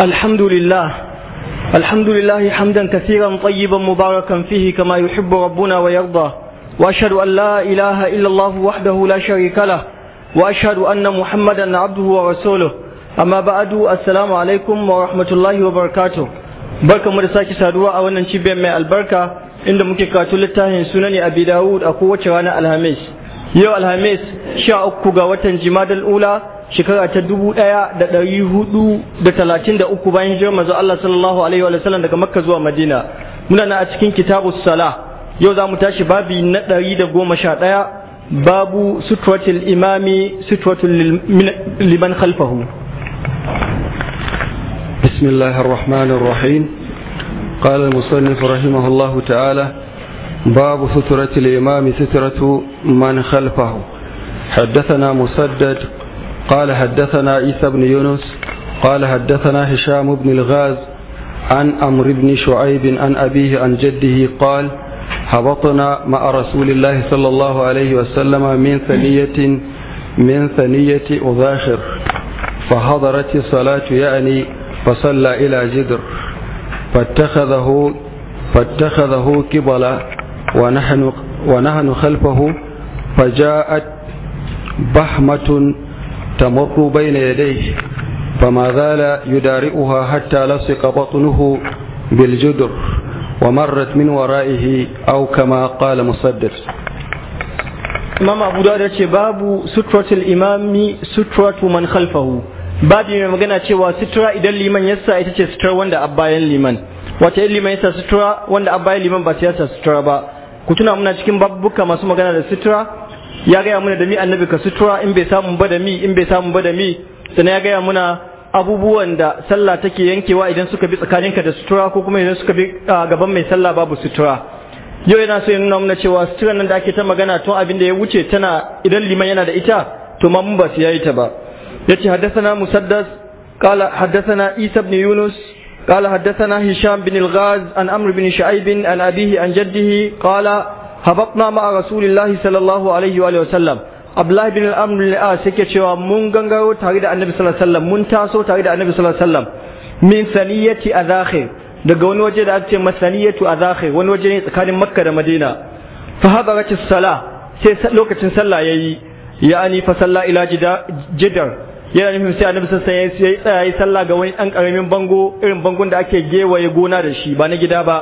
الحمد لله الحمد لله حمدا كثيرا طيبا مباركا فيه كما يحب ربنا ويرضى واشهد ان لا اله الا الله وحده لا شريك له واشهد ان محمدا عبده ورسوله اما بعد السلام عليكم ورحمه الله وبركاته barka mu da sake saduwa a wannan cibiyar mai albarka inda muke karatu littafin sunani abi dawud a kowace ranar alhamis yau alhamis sha uku ga watan jimadal ula shekara ta dubu ɗaya da ɗari hudu da talatin da uku bayan hijirar manzo Allah sallallahu alaihi wa sallam daga Makka zuwa Madina muna na a cikin kitabu sala yau za mu tashi babi na ɗari da goma sha ɗaya babu sutratul imami sutratul liman khalfahu بسم الله الرحمن الرحيم قال المصنف رحمه الله تعالى باب سترة الإمام سترة من خلفه حدثنا مسدد قال حدثنا عيسى بن يونس قال حدثنا هشام بن الغاز عن أمر بن شعيب عن أبيه عن جده قال هبطنا مع رسول الله صلى الله عليه وسلم من ثنية من ثنية أذاخر فحضرت الصلاة يعني فصلى إلى جدر فاتخذه فاتخذه كبلا ونحن ونحن خلفه فجاءت بحمة تمر بين يديه فما زال يدارئها حتى لصق بطنه بالجدر ومرت من ورائه أو كما قال مصدر Imam Abu ya ce babu sutratul imami sutratu man khalfahu babu mai magana cewa sutura idan liman yasa ita ce sutura wanda abbayan liman wata idan liman yasa sutura wanda abbayan liman ba ta yasa sutura ba ku tuna muna cikin babbuka masu magana da sutura ya gaya mana da mi annabi ka sutura in bai samu ba da mi in bai samu ba da mi sannan ya gaya mana abubuwan da sallah take yankewa idan suka bi tsakaninka da sutura ko kuma idan suka bi gaban mai sallah babu sutura yau yana so ya nuna mana cewa suturan nan da ake ta magana tun abin da ya wuce tana idan liman yana da ita to ma mun ba su yayi ta ba yace haddathana musaddas qala haddathana isa ibn yunus قال حدثنا هشام بن الغاز عن عمرو بن شعيب عن abihi عن جده قال habatna ma rasulillahi sallallahu alaihi wa sallam Abdullahi bin al-Amr al-As yake cewa mun gangaro tare da Annabi sallallahu alaihi wasallam mun taso tare da Annabi sallallahu alaihi wasallam min saniyati azakhir daga wani waje da ake masaniyatu azakhir wani waje ne tsakanin Makka da Madina fa hadarat as-salah sai lokacin sallah yayi ya'ani fa salla ila jidar yana nufin sai Annabi sallallahu alaihi wasallam yayi yayi sallah ga wani dan karamin bango irin bangon da ake gewaye gona da shi ba na gida ba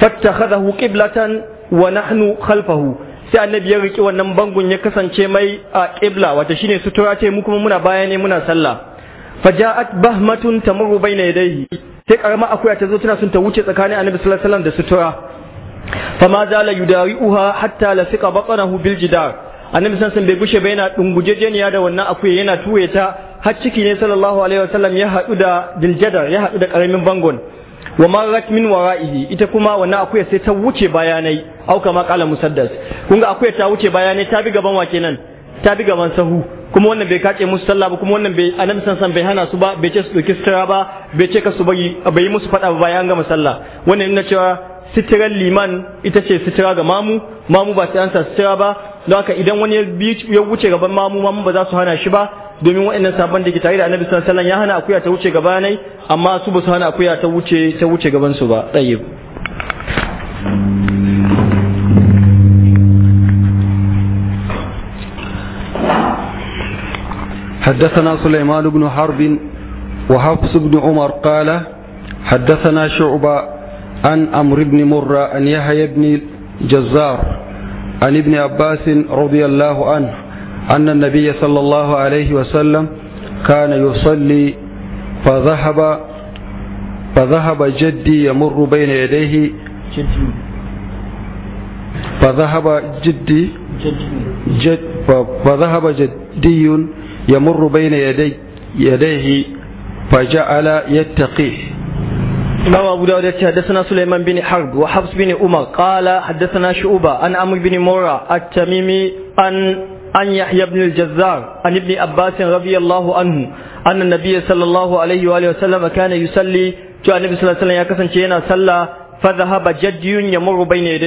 fattakhadahu qiblatan wa nahnu khalfahu sai annabi ya riki wannan bangon ya kasance mai a qibla wato shine sutura ce mu kuma muna baya ne muna sallah faja'at bahmatun tamuru baina yadayhi sai karama akuya ta zo tana son ta wuce tsakanin annabi sallallahu alaihi wasallam da sutura fama zala yudari'uha hatta lasika batnahu bil jidar annabi sallallahu bai gushe ba yana dungujejeniya da wannan akuya yana ture ta har ciki ne sallallahu alaihi wasallam ya haɗu da diljadar ya haɗu da karamin bangon wa marrat min wara'ihi ita kuma wannan akuya sai ta wuce bayanai au kama qala musaddas kun ga akuya ta wuce bayanai ta bi gaban wake nan ta bi gaban sahu kuma wannan bai kace musu sallah ba kuma wannan bai annabi san bai hana su ba bai ce su doki sutura ba bai ce ka su bari bai musu fada ba bayan gama sallah wannan ina cewa sitirar liman ita ce sitira ga mamu mamu ba sai an sa sitira ba don haka idan wani ya wuce gaban mamu mamu ba za su hana shi ba domin waɗannan sabon da ke tare da annabi sallallahu alaihi wasallam ya hana akuya ta wuce gaba nai amma su ba su hana akuya ta wuce ta wuce gaban su ba tayyib حدثنا سليمان بن حرب وحفص بن عمر قال حدثنا شعبة عن أمر بن مرة أن يحيى بن جزار عن ابن عباس رضي الله عنه أن النبي صلى الله عليه وسلم كان يصلي فذهب فذهب جدي يمر بين يديه فذهب جدي جد فذهب جدي يمر بين يدي يديه فجعل يتقيه إمام أبو داود حدثنا سليمان بن حرب وحفص بن عمر قال حدثنا شعبة عن عمرو بن مرة التميمي عن عن يحيى بن الجزار عن ابن عباس رضي الله عنه أن النبي صلى الله عليه وآله وسلم كان يصلي cewa annabi sallallahu alaihi wasallam ya kasance yana sallah fa dhahaba jaddiyun yamurru bayna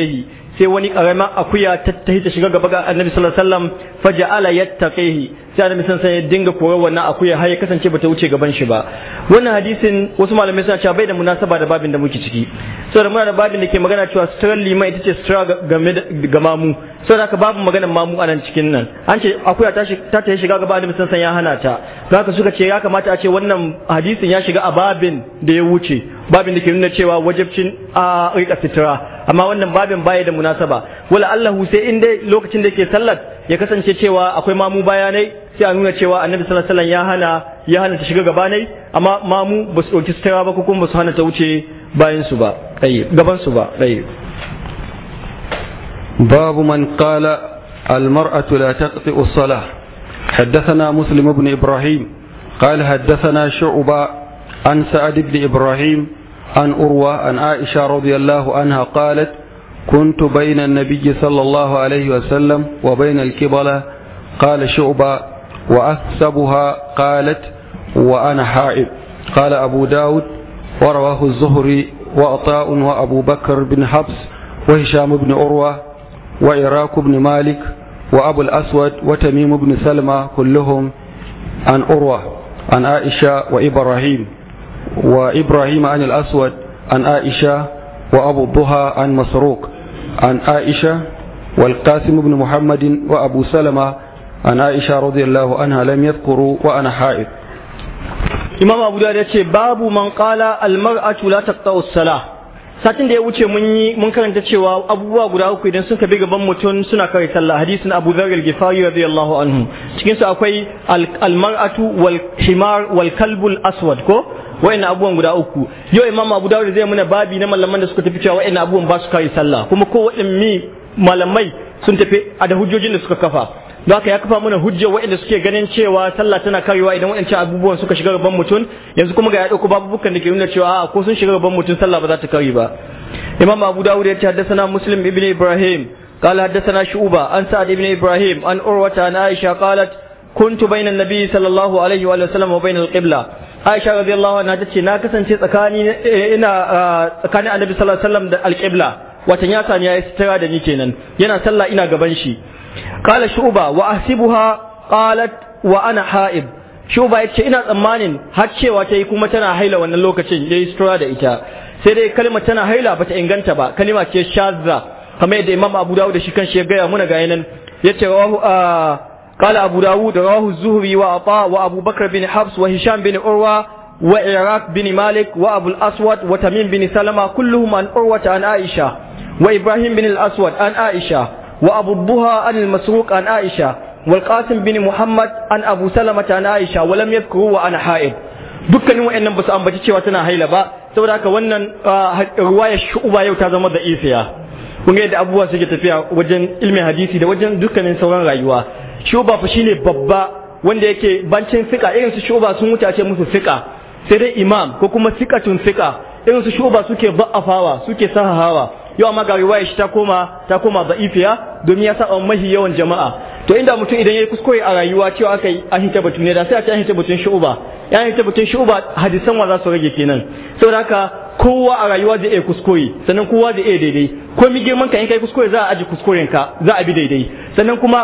sai wani karama akuya ta tahi ta shiga gaba ga annabi sallallahu alaihi wasallam faja'ala yattaqihi sai annabi sallallahu ya dinga korar wannan akuya har ya kasance bata wuce gaban shi ba wannan hadisin wasu malamai suna cewa bai da munasaba da babin da muke ciki saboda muna da babin da ke magana cewa suturar liman ita ce sutura ga mamu saboda haka babu maganar mamu a nan cikin nan an ce akuya ta ta shiga gaba annabi sallallahu ya hana ta don haka suka ce ya kamata a ce wannan hadisin ya shiga a babin da ya wuce babin da ke nuna cewa wajibcin a rika sutura amma wannan babin baya da munasaba wala allahu sai in dai lokacin da yake sallar ya kasance cewa akwai mamu bayanai sai a nuna cewa annabi sallallahu alaihi wasallam ya hana ya hana ta shiga gabanai amma mamu ba su dauki sutura ba ko kuma ba su hana ta wuce bayan su ba ayi gaban su ba ayi babu man qala المرأة لا تقطئ الصلاة حدثنا مسلم بن إبراهيم قال حدثنا شعبة عن سعد بن إبراهيم عن أروى عن عائشة رضي الله عنها قالت كنت بين النبي صلى الله عليه وسلم وبين الكبلة قال شعبة وأكسبها قالت وأنا حائب قال أبو داود ورواه الزهري وعطاء وأبو بكر بن حبس وهشام بن أروى وإراك بن مالك وأبو الأسود وتميم بن سلمة كلهم عن أروى عن عائشة وإبراهيم وإبراهيم عن الأسود عن عائشة وأبو الضحى عن مسروق عن عائشة والقاسم بن محمد وأبو سلمة عن عائشة رضي الله عنها لم يذكروا وأنا حائض إمام أبو داود باب من قال المرأة لا تقطع الصلاة satin da ya wuce mun yi mun karanta cewa abubuwa guda uku idan sun kabi gaban mutum suna kare sallah hadisin Abu Dharr al-Ghifari radiyallahu anhu cikin su akwai al-mar'atu wal himar wal kalbul aswad ko wayannan abubuwan guda uku yau imam Abu Dawud zai muna babi na malaman da suka tafi cewa wayannan abubuwan ba su kare sallah kuma ko mi malamai sun tafi a da hujjojin da suka kafa don haka ya kafa mana hujjar waɗanda suke ganin cewa sallah tana karewa idan waɗancan abubuwan suka shiga gaban mutum yanzu kuma ga ya ɗauko bukkan da ke nuna cewa a ko sun shiga gaban mutum sallah ba za ta kare ba imam abu dawud ya ce haddasa muslim ibn ibrahim قال حدثنا شعوبة عن سعد بن إبراهيم عن أروة عن عائشة قالت كنت بين النبي صلى الله عليه وآله وسلم وبين القبلة عائشة رضي الله عنها تتشي ناكسا تشي تكاني إنا تكاني النبي صلى الله عليه وسلم القبلة watan ya sami ya yi sitira da ni kenan yana sallah ina gaban shi kala shuba wa asibuha qalat wa ana haib shuba yace ina tsammanin har cewa tayi kuma tana haila wannan lokacin dai stora da ita sai dai kalima tana haila ba ta inganta ba kalima ce shazza kamar yadda imama abu dawud shi shi ga ya muna ga yanan yace wa a kala abu dawud rawahu zuhri wa wa abu bakr bin habs wa hisham bin urwa wa iraq bin malik wa abu aswad wa tamim bin salama kulluhum an urwa an aisha wa ibrahim bin aswad an aisha وأبو الضحى عن المسروق عن عائشة والقاسم بن محمد عن أبو سلمة عن عائشة ولم يذكروا وأنا حائض dukkanin ba basu ambaci cewa tana haila ba saboda haka wannan ah, ruwayar shu'uba yau ta zama da isiya kun ga yadda abubuwa suke tafiya wajen ilmin hadisi da wajen dukkanin sauran rayuwa shu'uba fa shine babba wanda yake bancin sika irin su shu'uba sun ce musu fika sai dai imam ko kuma sikatun fika irin su shu'uba suke ba'afawa suke sahahawa yau amma ga riwaya shi ta koma ta koma da'ifiya domin ya saba mahi yawan jama'a to inda mutum idan yayi kuskure a rayuwa cewa aka yi an batun ne da sai a batun shu'uba ya hita batun shu'uba hadisan wa za su rage kenan saboda haka kowa a rayuwa zai iya kuskure sannan kowa zai iya daidai ko mi girman ka in kai kuskure za a aji kuskurenka ka za a bi daidai sannan kuma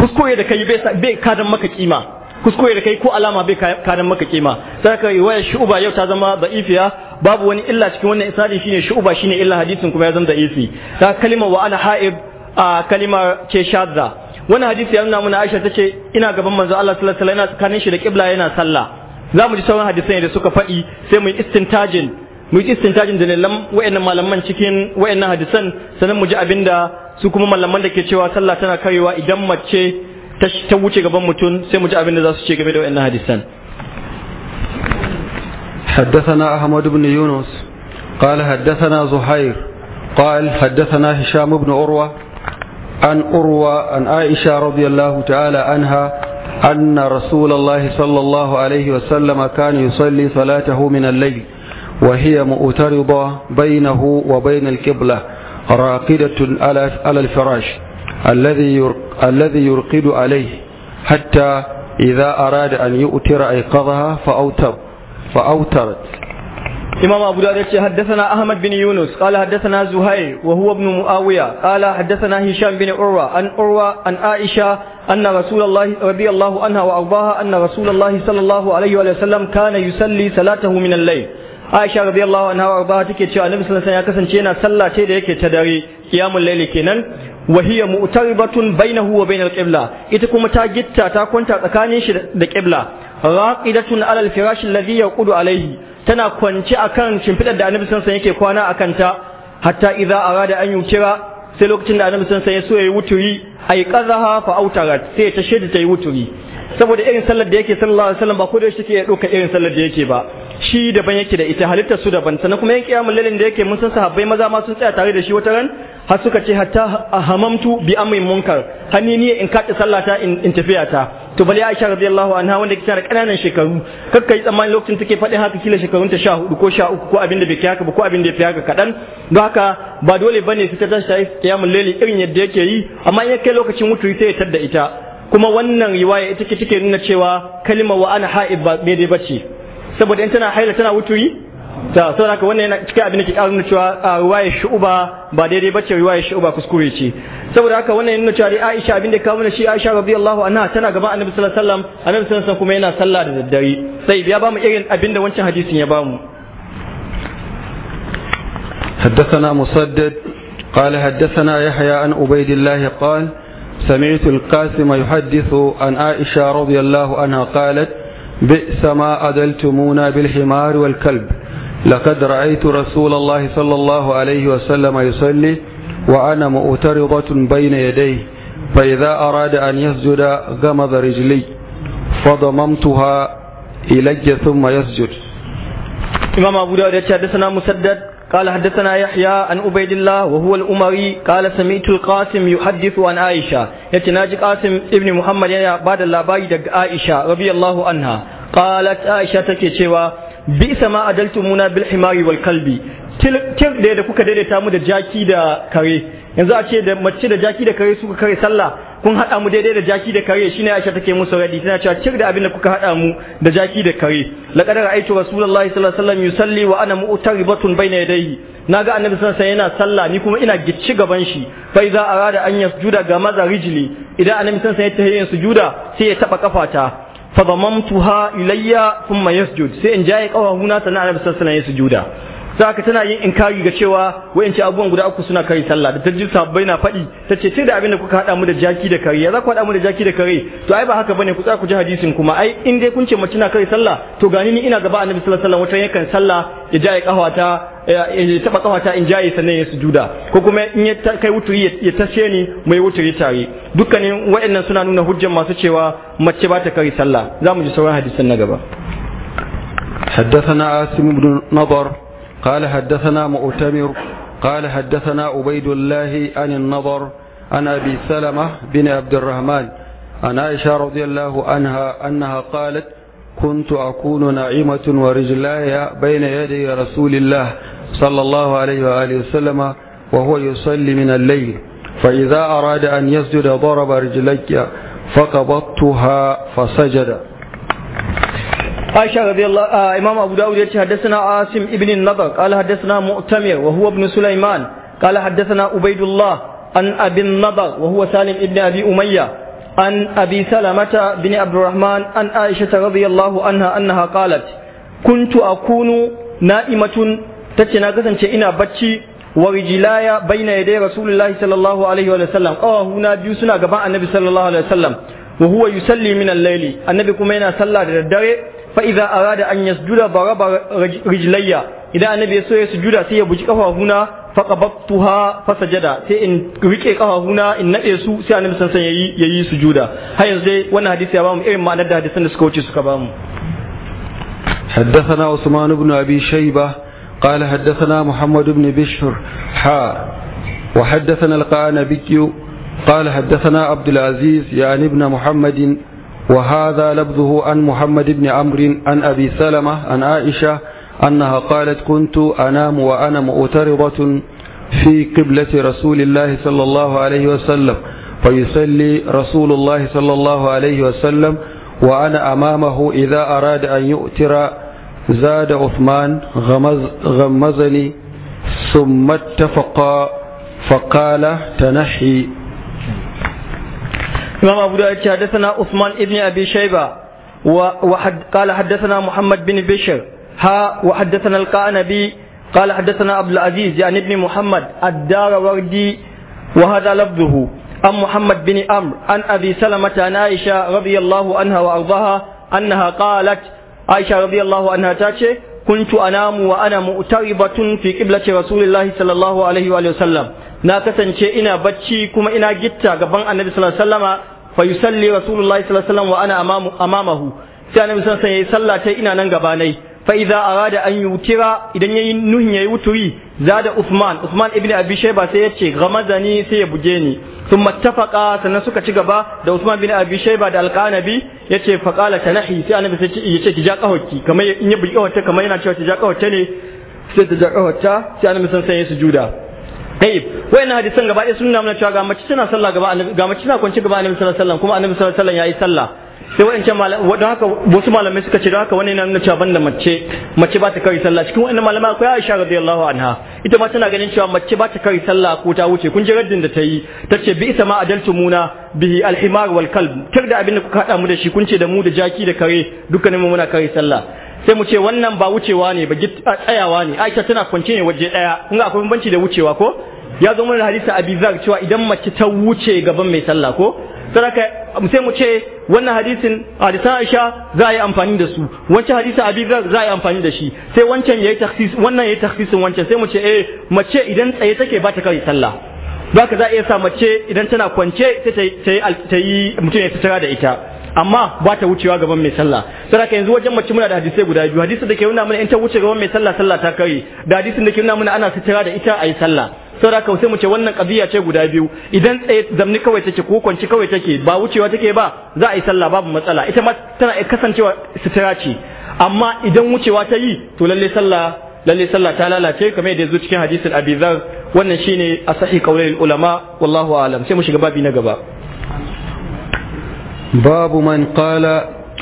kuskure da kai bai bai kadan maka kima kuskure da kai ko alama bai kadan maka kima saka riwayar shu'ba yau ta zama da'ifiya babu wani illa cikin wannan isali shine shu'ba shine illa hadisin kuma ya zama da'ifi ta kalmar wa ana ha'ib a kalimar ce shadda wannan hadisi ya nuna mana Aisha tace ina gaban manzo Allah sallallahu alaihi wasallam tsakanin shi da kibla yana sallah zamu mu ji sauran hadisan da suka faɗi sai mu yi istintajin mu istintajin dalilan wayannan malaman cikin wayannan hadisan sannan mu ji abinda su kuma malaman da ke cewa sallah tana karewa idan mace ta wuce gaban mutum sai mu ji abin da za su ce game da wayannan hadisan حدثنا أحمد بن يونس قال حدثنا زهير قال حدثنا هشام بن عروة عن أروى عن عائشة رضي الله تعالى عنها أن رسول الله صلى الله عليه وسلم كان يصلي صلاته من الليل وهي مؤترضة بينه وبين القبلة راقدة على الفراش الذي يرقد عليه حتى إذا أراد أن يؤتر أيقظها فأوتر فأوترت إمام أبو داود حدثنا أحمد بن يونس قال حدثنا زهير وهو ابن معاوية قال حدثنا هشام بن عروة عن عروة عن عائشة أن رسول الله رضي الله عنها وأرضاها أن رسول الله صلى الله عليه وسلم كان يصلي صلاته من الليل Aisha radiyallahu anha wa ba take cewa Annabi sallallahu alaihi wasallam ya kasance yana sallah ce da yake ta dare qiyamul layli kenan wa hiya mu'taribatun bainahu wa bainal qibla ita kuma ta gitta ta kwanta tsakanin shi da qibla raqidatun ala al-firash alladhi yaqudu alayhi tana kwance akan shimfidar da annabi sallallahu yake kwana akan ta hatta idza arada an yukira sai lokacin da annabi sallallahu ya so yayi wuturi ay qazaha fa autarat sai ta shedi ta yi wuturi saboda irin sallar da yake sallallahu alaihi wasallam ba ko da shi ke dauka irin sallar da yake ba shi daban yake da ita halittar su daban sannan kuma yan kiyamul lailin da yake mun san sahabbai maza ma sun tsaya tare da shi wata ran har suka ce hatta hamamtu bi amrin munkar hani ni in kaɗe sallata in tafiya ta to bali Aisha radiyallahu anha wanda ke da kananan shekaru kakka yi tsammanin lokacin take faɗin haka kila shekarun ta 14 ko 13 ko abin da bai haka ba ko abin da ya fi haka kaɗan don haka ba dole bane su ta tashi kiyamul lailin irin yadda yake yi amma in ya kai lokacin wuturi sai ya tadda ita kuma wannan riwaya ita take nuna cewa kalma wa ana ha'ib ba daidai bace saboda in tana haila tana wuturi ta saboda haka wannan yana cikin abin da ke karin cewa ruwaya shu'uba ba daidai bace ruwaya shu'uba kuskure ce saboda haka wannan yana cewa Aisha abin da kawo mana shi Aisha radiyallahu anha tana gaban Annabi sallallahu alaihi wasallam Annabi sallallahu alaihi kuma yana sallah da daddare sai ya bamu irin abin da wancan hadisin ya bamu حدثنا مسدد قال حدثنا يحيى عن عبيد الله قال سمعت القاسم يحدث عن عائشة رضي الله عنها قالت بئس ما أدلتمونا بالحمار والكلب لقد رأيت رسول الله صلى الله عليه وسلم يصلي وأنا مؤترضة بين يديه فإذا أراد أن يسجد غمض رجلي فضممتها إلي ثم يسجد إمام أبو داود حدثنا مسدد قال حدثنا يحيى عن عبيد الله وهو الأموي قال سمعت القاسم يحدث عن عائشة يتناجي قاسم ابن محمد يا بعد اللاباري دق عائشة رضي الله عنها قالت عائشة تكي بئس ما أدلتمونا بالحمار والكلب tir da kuka daidaita mu da jaki da kare yanzu a ce mace da jaki da kare suka kare sallah kun haɗa mu daidai da jaki da kare shine Aisha take musu radi tana cewa cir da abin da kuka haɗa mu da jaki da kare laqad ra'aytu rasulullahi sallallahu alaihi wasallam yusalli wa ana mu'taribatun bayna yadayhi naga annabi sallallahu alaihi wasallam yana sallah ni kuma ina gicci gaban shi fa iza arada an yasjuda ga maza rijli idan annabi sallallahu alaihi wasallam ya tahiyin sujuda sai ya taba kafata fa damamtuha ilayya thumma yasjud sai in jaye kawahuna sannan annabi sallallahu alaihi wasallam ya sujuda aka tana yin inkari ga cewa wayanci abubuwan guda uku suna kare sallah da tajjid sabbai na faɗi tace ce da abin da kuka hada mu da jaki da kare ya za ku hada mu da jaki da kare to ai ba haka bane ku tsaya ku ji hadisin kuma ai in dai kun ce mace na kare sallah to gani ni ina gaba annabi sallallahu alaihi wasallam wata yakan sallah ya jaye kahwata ya taba kafata in jaye sannan ya sujuda ko kuma in ya kai wuturi ya tashe ni mai wuturi tare dukkanin wayannan suna nuna hujjan masu cewa mace ba ta kare sallah za mu ji sauran hadisin na gaba حدثنا عاصم بن نضر قال حدثنا مؤتمر قال حدثنا عبيد الله عن النظر عن أبي سلمة بن عبد الرحمن عن عائشة رضي الله عنها أنها قالت كنت أكون نعيمة ورجلاي بين يدي رسول الله صلى الله عليه وآله وسلم وهو يصلي من الليل فإذا أراد أن يسجد ضرب رجلي فقبضتها فسجد عائشة رضي الله آه إمام أبو داود حدثنا عاصم ابن النضر قال حدثنا مؤتمر وهو ابن سليمان قال حدثنا عبيد الله عن أبي النضر وهو سالم ابن أبي أمية عن أبي سلمة بن عبد الرحمن عن عائشة رضي الله عنها أنها قالت كنت أكون نائمة تتنا قسم إنا بتشي ورجلايا بين يدي رسول الله صلى الله عليه وسلم أو هنا بيوسنا قباء النبي صلى الله عليه وسلم وهو يسلي من الليل النبي كما ينا صلى الدري فإذا أراد أن يسجد ضرب رجلي إذا النبي سوى سجود سي أبو جكه هنا فقبضتها فسجد سي إن ركع هنا إن نبي سوى سي أنا مثلا سي يي سجودا هاي زي وانا حديث يبام إيه ما ندى حديث نسكوتش سكبام حدثنا عثمان بن أبي شيبة قال حدثنا محمد بن بشر حا وحدثنا القانبي قال حدثنا عبد العزيز يعني ابن محمد وهذا لبذه عن محمد بن عمرو عن أبي سلمة عن عائشة أنها قالت كنت أنام وأنا مؤترضة في قبلة رسول الله صلى الله عليه وسلم فيصلي رسول الله صلى الله عليه وسلم وأنا أمامه إذا أراد أن يؤتر زاد عثمان غمز غمزني ثم اتفقا فقال تنحي إمام أبو داود حدثنا عثمان ابن أبي شيبة وحد قال حدثنا محمد بن بشر ها وحدثنا القعنبي قال حدثنا عبد العزيز يعني ابن محمد الدار وردي وهذا لفظه عن محمد بن أمر عن أبي سلمة عن عائشة رضي الله عنها وأرضاها أنها قالت عائشة رضي الله عنها تاتي كنت أنام وأنا مؤتربة في قبلة رسول الله صلى الله عليه وآله وسلم na kasance ina bacci kuma ina gitta gaban annabi sallallahu alaihi wasallama fa yusalli rasulullahi sallallahu alaihi wasallam wa ana amamu amamahu sai annabi sallallahu alaihi wasallam yayi sallah ina nan gaba nai fa idza arada an yutira idan yayi nuhin yayi wuturi zada Usman, Usman ibn Abi Shayba sai ya ce gamazani sai ya buge ni sun tafaqa sannan suka ci gaba da Usman ibn Abi Shayba da Alqanabi yace fa qala tanahi sai annabi sai yace ki ja kahwarki kamar in ya buge kawarta kamar yana cewa ki ja kawarta ne sai ta ja kawarta sai annabi san sai ya sujuda Tayyib wayannan hadisan gaba ɗaya sun nuna mana cewa ga mace tana sallah gaba ga mace tana kwance gaba annabi sallallahu alaihi wasallam kuma annabi sallallahu alaihi wasallam yayi sallah sai wayancan malamai don haka wasu malamai suka ce don haka wani yana na cewa banda mace mace ba ta kari sallah cikin wannan malamai akwai Aisha radiyallahu anha ita ma tana ganin cewa mace ba ta kari sallah ko ta wuce kun ji raddin da ta yi ta ce bi sama muna bihi alhimar wal kalb tir da abinda kuka hada mu da shi kun ce da mu da jaki da kare dukkanin mu muna kari sallah sai mu ce wannan ba wucewa ne ba tsayawa ne aisha tana kwance ne waje daya kun ga akwai bambanci da wucewa ko ya zo mana hadisi abi zar cewa idan mace ta wuce gaban mai sallah ko saraka sai mu ce wannan hadisin hadisan Aisha za a yi amfani da su wancan hadisin Abi za a yi amfani da shi sai wancan yayi takhsis wannan yayi takhsisin wancan sai mu ce eh mace idan tsaye take ba ta kai sallah baka za a iya sa mace idan tana kwance sai ta yi mutum ya tattara da ita amma ba ta wucewa gaban mai sallah saboda yanzu wajen mace muna da hadisi guda biyu hadisin da ke nuna mana in ta wuce gaban mai sallah sallah ta kai da hadisin da ke nuna mana ana sitira da ita ayi sallah sai haka sai mu ce wannan kabiya ce guda biyu idan tsaye zamni kawai take ko kwanci kawai take ba wucewa take ba za a yi sallah babu matsala ita ma tana kasancewa sitira ce amma idan wucewa ta yi to lalle sallah lalle sallah ta lalace kamar yadda yazo cikin hadisin Abi Dharr wannan shine asahi qaulul ulama wallahu alam sai mu shiga babi na gaba باب من قال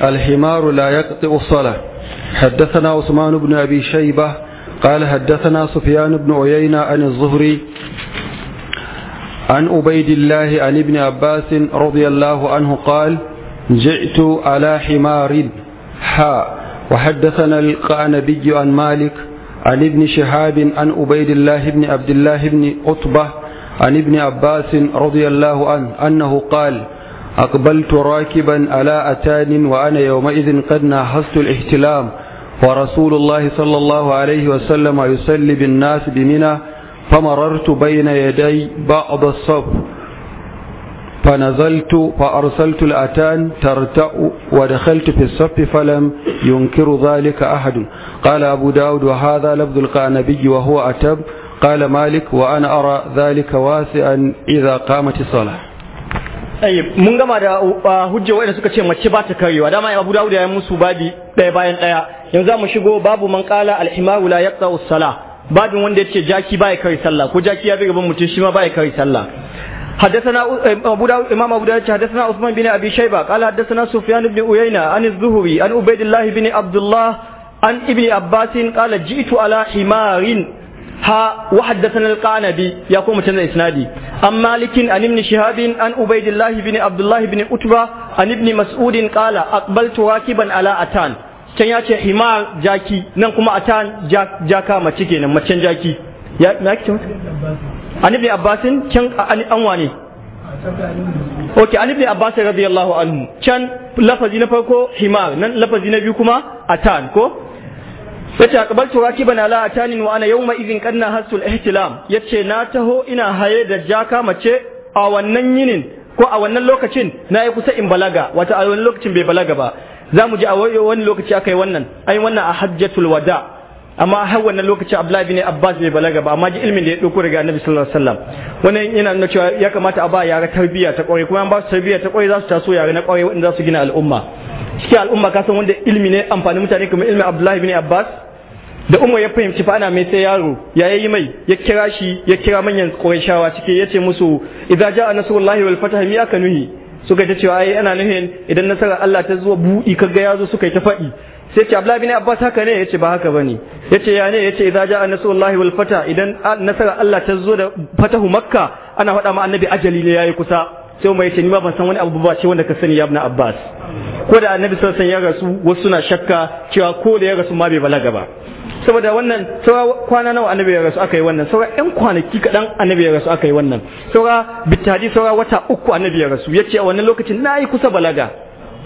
الحمار لا يقطع الصلاة حدثنا عثمان بن أبي شيبة قال حدثنا سفيان بن عيينة عن الزهري عن أبيد الله عن ابن عباس رضي الله عنه قال جئت على حمار حاء وحدثنا القعنبي عن مالك عن ابن شهاب عن أبيد الله بن عبد الله بن قطبة عن ابن عباس رضي الله عنه أنه قال أقبلت راكبا على أتان وأنا يومئذ قد ناهزت الاحتلام ورسول الله صلى الله عليه وسلم يسلي بالناس بمنى فمررت بين يدي بعض الصف فنزلت فأرسلت الأتان ترتأ ودخلت في الصف فلم ينكر ذلك أحد قال أبو داود وهذا لفظ القانبي وهو أتب قال مالك وأنا أرى ذلك واسعا إذا قامت الصلاة mun gama da uh, hujja wanda suka ce mace ba ta karyewa dama Abu da ya musu babi ɗaya bayan ɗaya yanzu za mu shigo babu man kala al la yaqta'u as sala. babin wanda yace jaki ba ya kare sallah ko jaki ya bi gaban mutum shi ma ya kare sallah حدثنا أبو داود إمام أبو داود حدثنا عثمان بن أبي شيبة قال حدثنا سفيان بن أيينة عن الزهري عن عبيد الله بن عبد الله عن ابن عباس قال جئت على حمار ha wa haddathana al-qanabi ya kuma canza isnadi an malikin an ibn shihab an ubaidillah ibn abdullah ibn utba an ibn masudin qala aqbaltu rakiban ala atan can ya ce himar jaki nan kuma atan jaka mace kenan macen jaki ya na kike an ibn abbasin can an wane Ok, an ibn Abbas radiyallahu anhu can lafazi na farko himar nan lafazi na biyu kuma atan ko yace turaki rakiban ala atanin wa ana yawma idhin kanna hasul ihtilam yace na taho ina haye da jaka mace a wannan yinin ko a wannan lokacin na yi kusa in balaga wata a wannan lokacin bai balaga ba za mu ji a wani lokaci aka yi wannan ai wannan a hajjatul wada amma har wannan lokacin Abdullahi bin Abbas bai balaga ba amma ji ilmin da ya dauko daga Annabi sallallahu alaihi wasallam wannan yana nuna cewa ya kamata a ba yara tarbiyya ta kwarai kuma an ba su tarbiyya ta kwarai za su taso yare na kwarai wanda za su gina al'umma cikin al'umma ka san wanda ilmi ne amfani mutane kamar ilmin Abdullahi bin Abbas da umma ya fahimci fa ana mai sai yaro ya yi mai ya kira shi ya kira manyan Qurayshawa cike ya ce musu idza ja'a nasrullahi wal fatah mi aka nuhi suka ta cewa ai ana nuhin idan nasarar Allah ta zo ka kaga yazo suka yi ta faɗi sai ce abdullahi bin abbas haka ne yace ba haka bane yace ya ne yace idza jaa nasrullahi wal fata idan nasara Allah ta zo da fatahu makka ana faɗa ma annabi ajali ne yayi kusa sai mai yace ni ma ban san wani abu ba ce wanda ka sani ya ibn abbas ko da annabi sallallahu alaihi ya rasu wasu suna shakka cewa ko da ya rasu ma bai balaga ba saboda wannan saura kwana nawa annabi ya rasu aka yi wannan saura yan kwanaki kaɗan annabi ya rasu aka yi wannan saura bitadi saura wata uku annabi ya rasu yace a wannan lokacin na yi kusa balaga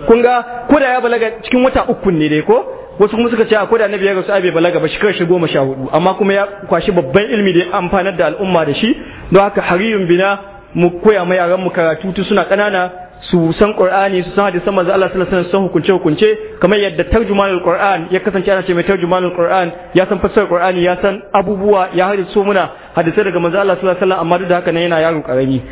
kun ga koda ya balaga cikin wata uku ne dai ko wasu kuma suka ce a koda biyar ya su abe balaga ba shi kai shi goma sha hudu amma kuma ya kwashi babban ilmi da ya amfanar da al'umma da shi don haka hariyun bina mu koya ma yaran mu karatu tu suna kanana su san qur'ani su san hadisan manzo Allah sallallahu alaihi wasallam hukunce hukunce kamar yadda tarjumanul qur'an ya kasance ana ce mai tarjumanul qur'an ya san fassarar qur'ani ya san abubuwa ya hadiso muna hadisai daga manzo Allah sallallahu alaihi wasallam amma duk da haka ne yana yaro karami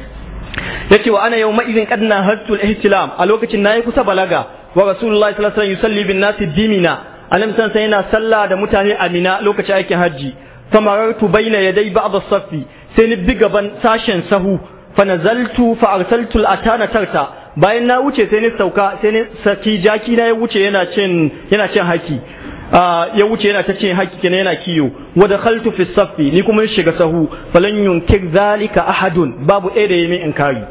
yace wa ana yau ma'izin qad nahattu ihtilam a lokacin na yi kusa balaga wa rasulullahi sallallahu alaihi wasallam yusalli bin nasi dimina annabi sallallahu yana sallah da mutane amina lokacin aikin hajji famarartu baina yaday ba'd as-saffi sai ni bi gaban sashen sahu fa nazaltu fa arsaltu al-atana tarta bayan na wuce sai ni sauka sai ni saki jaki na ya wuce yana cin yana cin haki ya wuce yana ta ce haƙƙi yana kiyo wa khaltu fi safi ni kuma in shiga sahu falan yunkir zalika ahadun babu ɗaya da ya mai inkari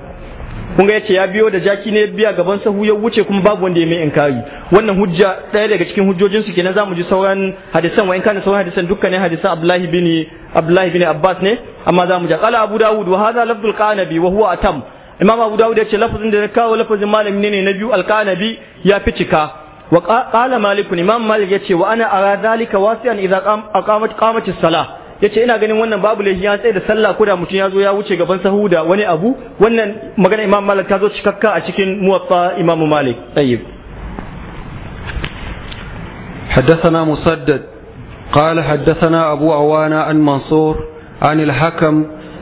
kun ga yace ya biyo da jaki ne biya gaban sahu ya wuce kuma babu wanda ya mai inkari wannan hujja ɗaya daga cikin hujjojin su kenan zamu ji sauran hadisan wa in kana sauran hadisan ne hadisan Abdullahi bin Abdullahi bin Abbas ne amma zamu ji qala Abu Dawud wa hadha lafzul qanabi wa huwa atam Imam Abu Dawud yace lafazin da ya kawo lafazin malami ne na biyu alqanabi ya fi cika wa qala malik imam malik yace wa ana ara zalika wasi'an idza aqamat a as-salah yace ina ganin wannan babu laifi ya tsaye da sallah ko da mutum ya zo ya wuce gaban sahu da wani abu wannan magana imam malik ta zo cikakka a cikin muwaffa imam malik tayyib حدثنا مسدد قال حدثنا أبو عوانا عن منصور عن الحكم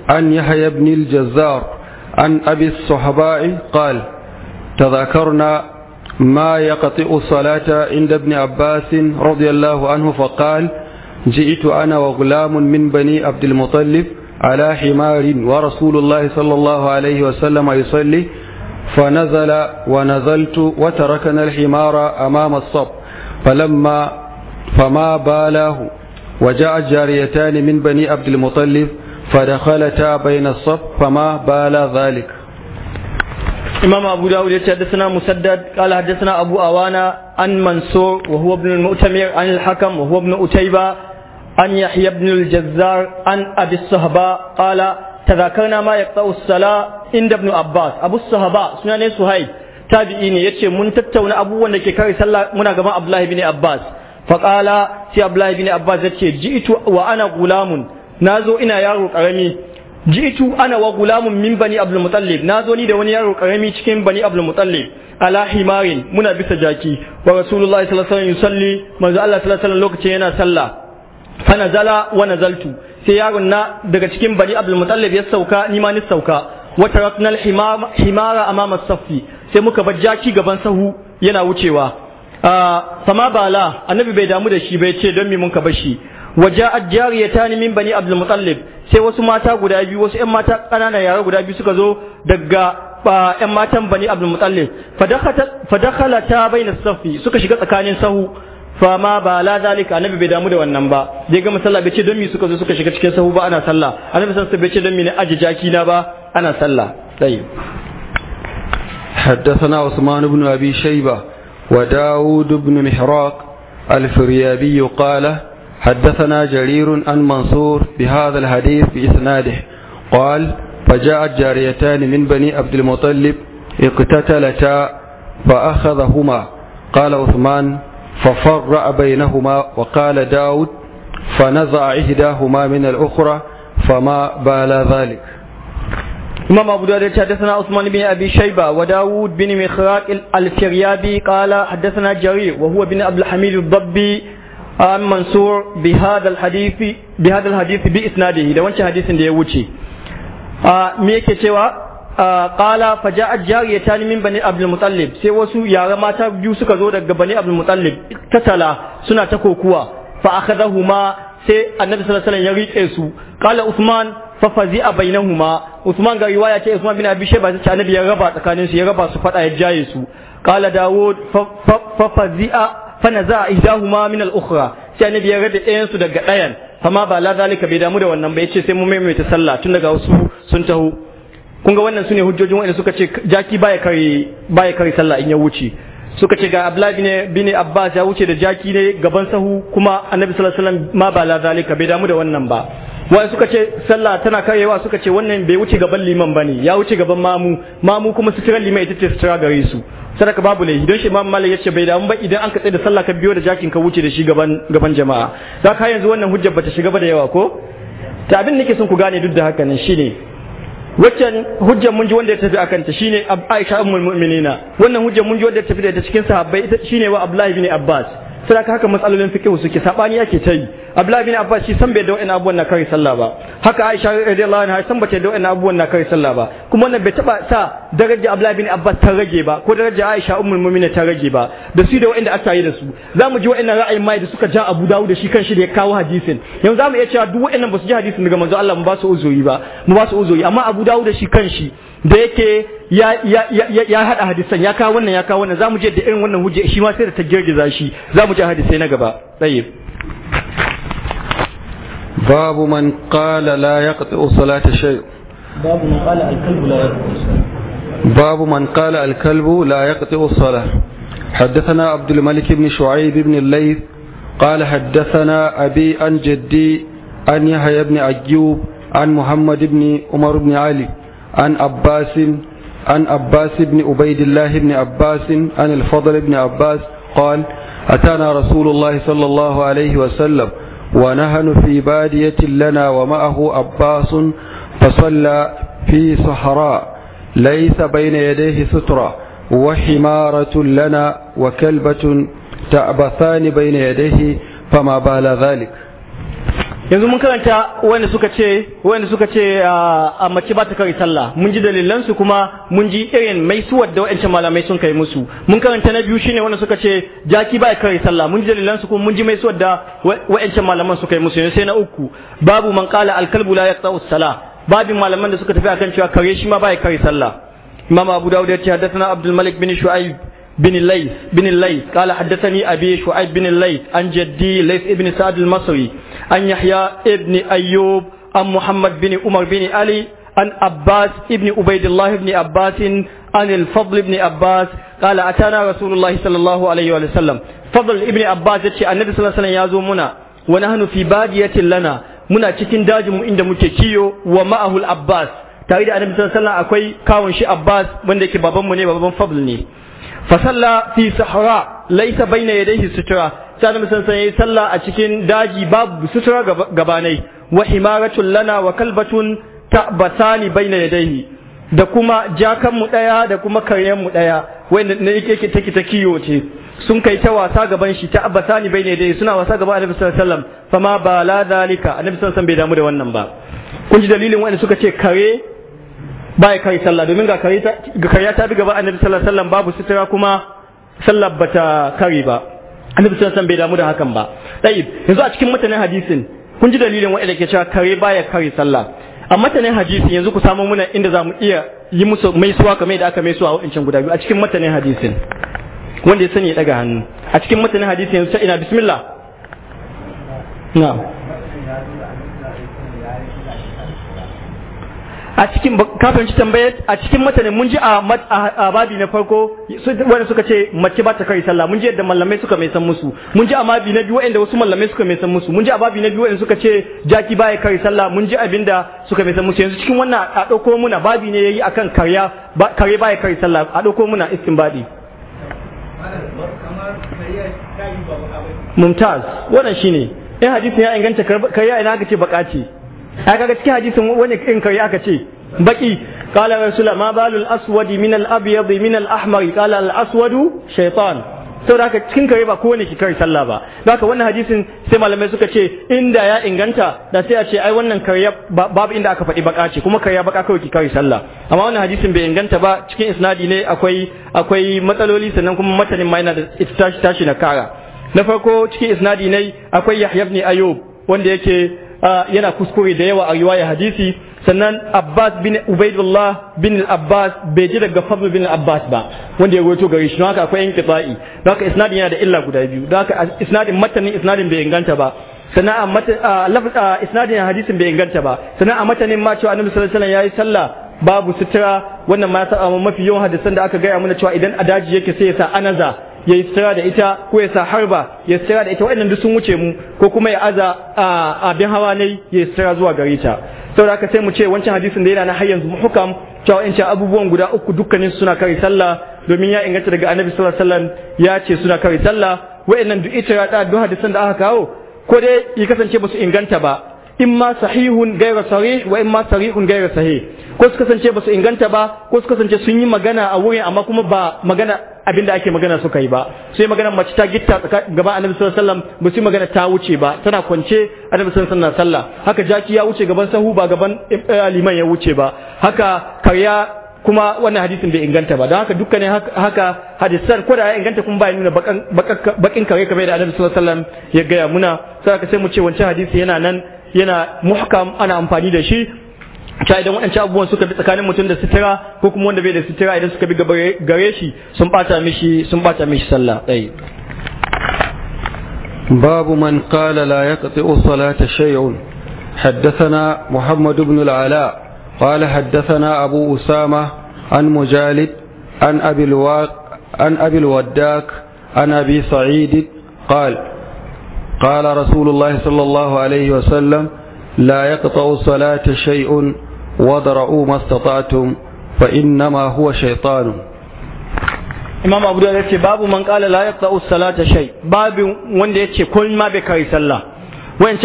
عن يحيى بن الجزار عن أبي الصحباء قال تذاكرنا ما يقطع الصلاة عند ابن عباس رضي الله عنه فقال جئت أنا وغلام من بني عبد المطلب على حمار ورسول الله صلى الله عليه وسلم يصلي فنزل ونزلت وتركنا الحمار أمام الصف فلما فما باله وجاء جاريتان من بني عبد المطلب فدخلتا بين الصف فما بال ذلك إمام أبو داود حدثنا مسدد قال حدثنا أبو أوانا عن منصور وهو ابن المؤتمر عن الحكم وهو ابن أتيبة عن يحيى بن الجزار عن أبي الصهباء قال تذكرنا ما يقطع الصلاة عند ابن عباس أبو الصهباء سنان سهيد تابعين يتشي من تتونا أبو ونكي كاري صلى منا قبل عبد الله بن عباس فقال سي عبد الله بن عباس يتشي جئت وأنا غلام نازو إنا يارو قرمي jitu ana wa gulamun min bani abdul mutallib na zo ni da wani yaro karami cikin bani abdul mutallib ala himarin muna bisa jaki wa rasulullahi sallallahu alaihi wasallam yusalli manzo Allah sallallahu alaihi lokacin yana sallah fa nazala wa nazaltu sai yaron na daga cikin bani abdul mutallib ya sauka ni ma ni sauka wa tarakna al himara amama safi sai muka bar jaki gaban sahu yana wucewa sama ah, bala annabi bai damu da shi bai ce don me mun ka bar shi وجاءت جاريتان من بني abdul المطلب sai wasu mata guda biyu wasu ƴan mata ƙanana yara guda biyu suka zo daga ƴan matan bani abdul mutallib fa dakhala ta baina safi suka shiga tsakanin sahu fa ma ba la zalika annabi bai damu da wannan ba zai gama sallah bai ce don me suka zo suka shiga cikin sahu ba ana sallah annabi sallallahu bai ce don me ne aje jaki na ba ana sallah tayyib حدثنا عثمان بن أبي شيبة وداود بن محراق الفريابي قال حدثنا جرير عن منصور بهذا الحديث بإسناده قال فجاءت جاريتان من بني عبد المطلب اقتتلتا فأخذهما قال عثمان ففرع بينهما وقال داود فنزع إحداهما من الأخرى فما بال ذلك إمام أبو داود حدثنا عثمان بن أبي شيبة وداود بن مخراق الفريابي قال حدثنا جرير وهو بن عبد الحميد الضبي an mansur bi hadal hadisi bi hadal isnadihi da wancan hadisin da ya wuce ah, me yake cewa ah, qala faja'at jariyatan min bani abdul muttalib sai wasu yara mata biyu suka zo daga bani abdul muttalib ta suna ta kokuwa fa akhadahuma sai annabi sallallahu alaihi wasallam ya rike su qala usman fa fazi'a bainahuma usman ga riwaya ce usman bin abi shayba sai annabi ya raba tsakanin su ya raba su fada ya jaye su qala dawud fa fazi'a fa naza ihdahuma min al-ukhra sai annabi ya rada ɗayan su daga ɗayan fama ba la zalika bai damu da wannan ba yace sai mu maimaita sallah tun daga wasu sun taho kun ga wannan sune hujjojin wanda suka ce jaki baya kare baya kare sallah in ya wuce suka ce ga Abdullahi bin bin Abbas ya wuce da jaki ne gaban sahu kuma Annabi sallallahu alaihi wasallam ma ba la zalika bai damu da wannan ba wai suka ce sallah tana karyewa suka ce wannan bai wuce gaban liman bane ya wuce gaban mamu mamu kuma sutura liman ita ce tira gare su sadaka babu laifi don shi imam ya ce bai damu ba idan an ka da sallah ka biyo da jakin ka wuce da shi gaban gaban jama'a ka yanzu wannan hujjar bata shiga ba da yawa ko ta abin nake son ku gane duk da haka nan shine waccan hujjar mun ji wanda ya tafi akan ta shine Aisha ummul mu'minina wannan hujjar mun ji wanda ya tafi da ita cikin sahabbai ita shine wa Abdullah ibn Abbas sai haka haka matsalolin fiqh suke sabani yake ta yi Abdullahi bin Abbas shi san bai da wa'annan abubuwan na kare sallah ba haka Aisha radiyallahu anha san bata da wa'annan abubuwan na kare sallah ba kuma wannan bai taba sa daraja Abdullahi bin Abbas ta rage ba ko daraja Aisha ummul mu'minin ta rage ba da su da wa'anda aka yi da su zamu ji wa'annan ra'ayin mai da suka ja Abu Dawud da shi kanshi da ya kawo hadisin yanzu zamu iya cewa duk wa'annan ba su ji hadisin daga manzo Allah mu ba su uzuri ba mu ba su uzuri amma Abu Dawud da shi kanshi da yake ya ya ya ya hada hadisan ya kawo wannan ya kawo wannan zamu je da irin wannan hujja shi ma sai da ta girgiza shi zamu je hadisai na gaba ɗaya. babu man qala la usala salata shay babu man qala al-kalbu la yaqtu babu man qala al-kalbu la yaqtu salah حدثنا عبد الملك بن شعيب بن الليث قال حدثنا أبي عن جدي عن يحيى بن أيوب عن محمد بن عمر بن علي عن عباس عن عباس بن عبيد الله بن عباس عن الفضل بن عباس قال أتانا رسول الله صلى الله عليه وسلم ونهن في بادية لنا ومعه عباس فصلى في صحراء ليس بين يديه سترة وحمارة لنا وكلبة تعبثان بين يديه فما بال ذلك yanzu mun karanta wanda suka ce wanda suka ce a mace ba ta kare sallah mun ji dalilan su kuma mun ji irin mai suwar da wayancan malamai sun kai musu mun karanta na biyu shine wanda suka ce jaki ba ya kare sallah mun ji dalilan su kuma mun ji mai suwar da wayancan malaman su kai musu yanzu sai na uku babu man qala al kalbu la yaqta'u sala babin malaman da suka tafi akan cewa kare shi ma ba ya kare sallah imam abu daud ya ce haddathana abdul malik bin shu'aib بن الليث بن الليث قال حدثني أبي شعيب بن الليث عن جدي ليث بن سعد المصري عن يحيى بن أيوب عن محمد بن عمر بن علي عن عباس بن عبيد الله بن عباس عن الفضل بن عباس قال أتانا رسول الله صلى الله عليه وسلم فضل ابن عباس يتشي النبي صلى الله عليه وسلم يازومنا ونحن في بادية لنا muna cikin dajinmu inda muke kiyo wa ma'ahul Abbas tare da Annabi sallallahu alaihi wasallam akwai kawun shi Abbas wanda yake babanmu ne baban Fadl ne fasalla fi sahara laisa baina yadayhi sutura sai mun san sai sallah a cikin daji babu sutura gabanai wa himaratun lana wa kalbatun ta'basani baina yadayhi da kuma jakan mu daya da kuma karyen mu daya wanda ne yake take ta kiyo ce sun kai ta wasa gaban shi ta abbasani bai ne dai suna wasa gaban annabi sallallahu alaihi wasallam fama ba la zalika annabi sallallahu alaihi wasallam bai damu da wannan ba kun ji dalilin wanda suka ce kare ba ya kare sallah domin ga kariya ta bi gaba annabi sallallahu alaihi wasallam babu sitira kuma sallah bata kare ba annabi sallallahu alaihi wasallam bai damu da hakan ba tayib yanzu a cikin mutanen hadisin kun ji dalilin wa'ida ke cewa kare baya kare sallah a matanin hadisi yanzu ku samu muna inda za mu iya yi musu mai suwa kamar da aka mai suwa a wancan guda biyu a cikin matanin hadisin wanda ya sani ya daga hannu a cikin matanin hadisin yanzu ina bismillah na'am a cikin kafin ci tambaye a cikin matane mun ji a babi na farko wanda suka ce mace ba ta kai sallah mun ji yadda mallamai suka mai san musu mun ji a babi na biyu wanda wasu mallamai suka mai san musu mun ji a babi na biyu wanda suka ce jaki baya kai sallah mun ji abinda suka mai san musu yanzu cikin wannan a dauko muna babi ne yayi akan karya kare baya kai sallah a dauko muna istinbadi mumtaz wannan shine in hadisi ya inganta karya ina ka ce bakaci a kaga cikin hadisin wani in kai aka ce baki qala rasul ma balul aswadi min al abyad min al ahmar qala al aswadu shaytan saboda haka cikin kare ba kowane ki kare sallah ba don haka wannan hadisin sai malamai suka ce inda ya inganta da sai a ce ai wannan kare babu inda aka faɗi baka ce kuma kare baka kawai ki kare sallah amma wannan hadisin bai inganta ba cikin isnadi ne akwai akwai matsaloli sannan kuma matanin ma yana da tashi tashi na kara na farko cikin isnadi ne akwai yahya ibn ayub wanda yake Ah, yana kuskure da yawa a riwaya hadisi sannan Abbas bin Ubaidullah bin Abbas bai ji daga Fadl bin Abbas ba wanda ya rawaito gare shi haka akwai inqita'i don haka isnadin yana da illa guda biyu don haka isnadin matanin isnadin bai inganta ba sannan a isnadin hadisin bai inganta ba sannan a matanin ma cewa annabi sallallahu alaihi wasallam yayi sallah babu sutura wannan ma ya mafi yawan hadisan da aka gaya mana cewa idan a daji yake sai ya sa anaza ya yi sutura da ita ko ya sa harba ya sutura da ita waɗannan duk sun wuce mu ko kuma ya aza abin hawa ne ya yi sutura zuwa gare ta Sau da aka sai mu ce wancan hadisin da yana na har yanzu hukam cewa wancan abubuwan guda uku dukkanin suna kare sallah domin ya inganta daga annabi sallallahu alaihi wasallam ya ce suna kare sallah waɗannan duk ita da duk hadisan da aka kawo ko dai ya kasance ba su inganta ba imma sahihun gaira sahih wa imma sahihun gaira sahih ko su kasance ba su inganta ba ko su kasance sun yi magana a wurin amma kuma ba magana abinda ake magana suka yi ba sai magana mace ta gitta gaba annabi sallallahu alaihi wasallam ba sai magana ta wuce ba tana kwance annabi sallallahu alaihi wasallam haka jaki ya wuce gaban sahu ba gaban aliman eh, ya wuce ba haka karya kuma wannan hadisin bai inganta ba don haka dukkanin haka hadisan ko da ya inganta kuma ba ya nuna bakin kare kamar da annabi sallallahu alaihi wasallam ya gaya muna sai sai mu ce wancan hadisi yana nan yana muhkam ana amfani da shi ta idan waɗancan abubuwan suka bi tsakanin mutum da sitira ko kuma wanda bai da sitira idan suka bi gare shi sun bata mishi sun bata mishi sallah tsaye باب من قال لا يقطع الصلاة شيء حدثنا محمد بن العلاء قال حدثنا أبو أسامة عن مجالد عن أبي الواق عن أبي الوداك عن أبي سعيد قال قال رسول الله صلى الله عليه وسلم لا يقطع الصلاة شيء وضرعوا ما استطعتم فإنما هو شيطان imam أبو ya باب babu man kala يقطع الصلاة شيء باب babu wanda كل ما بكري ma bai kai sallah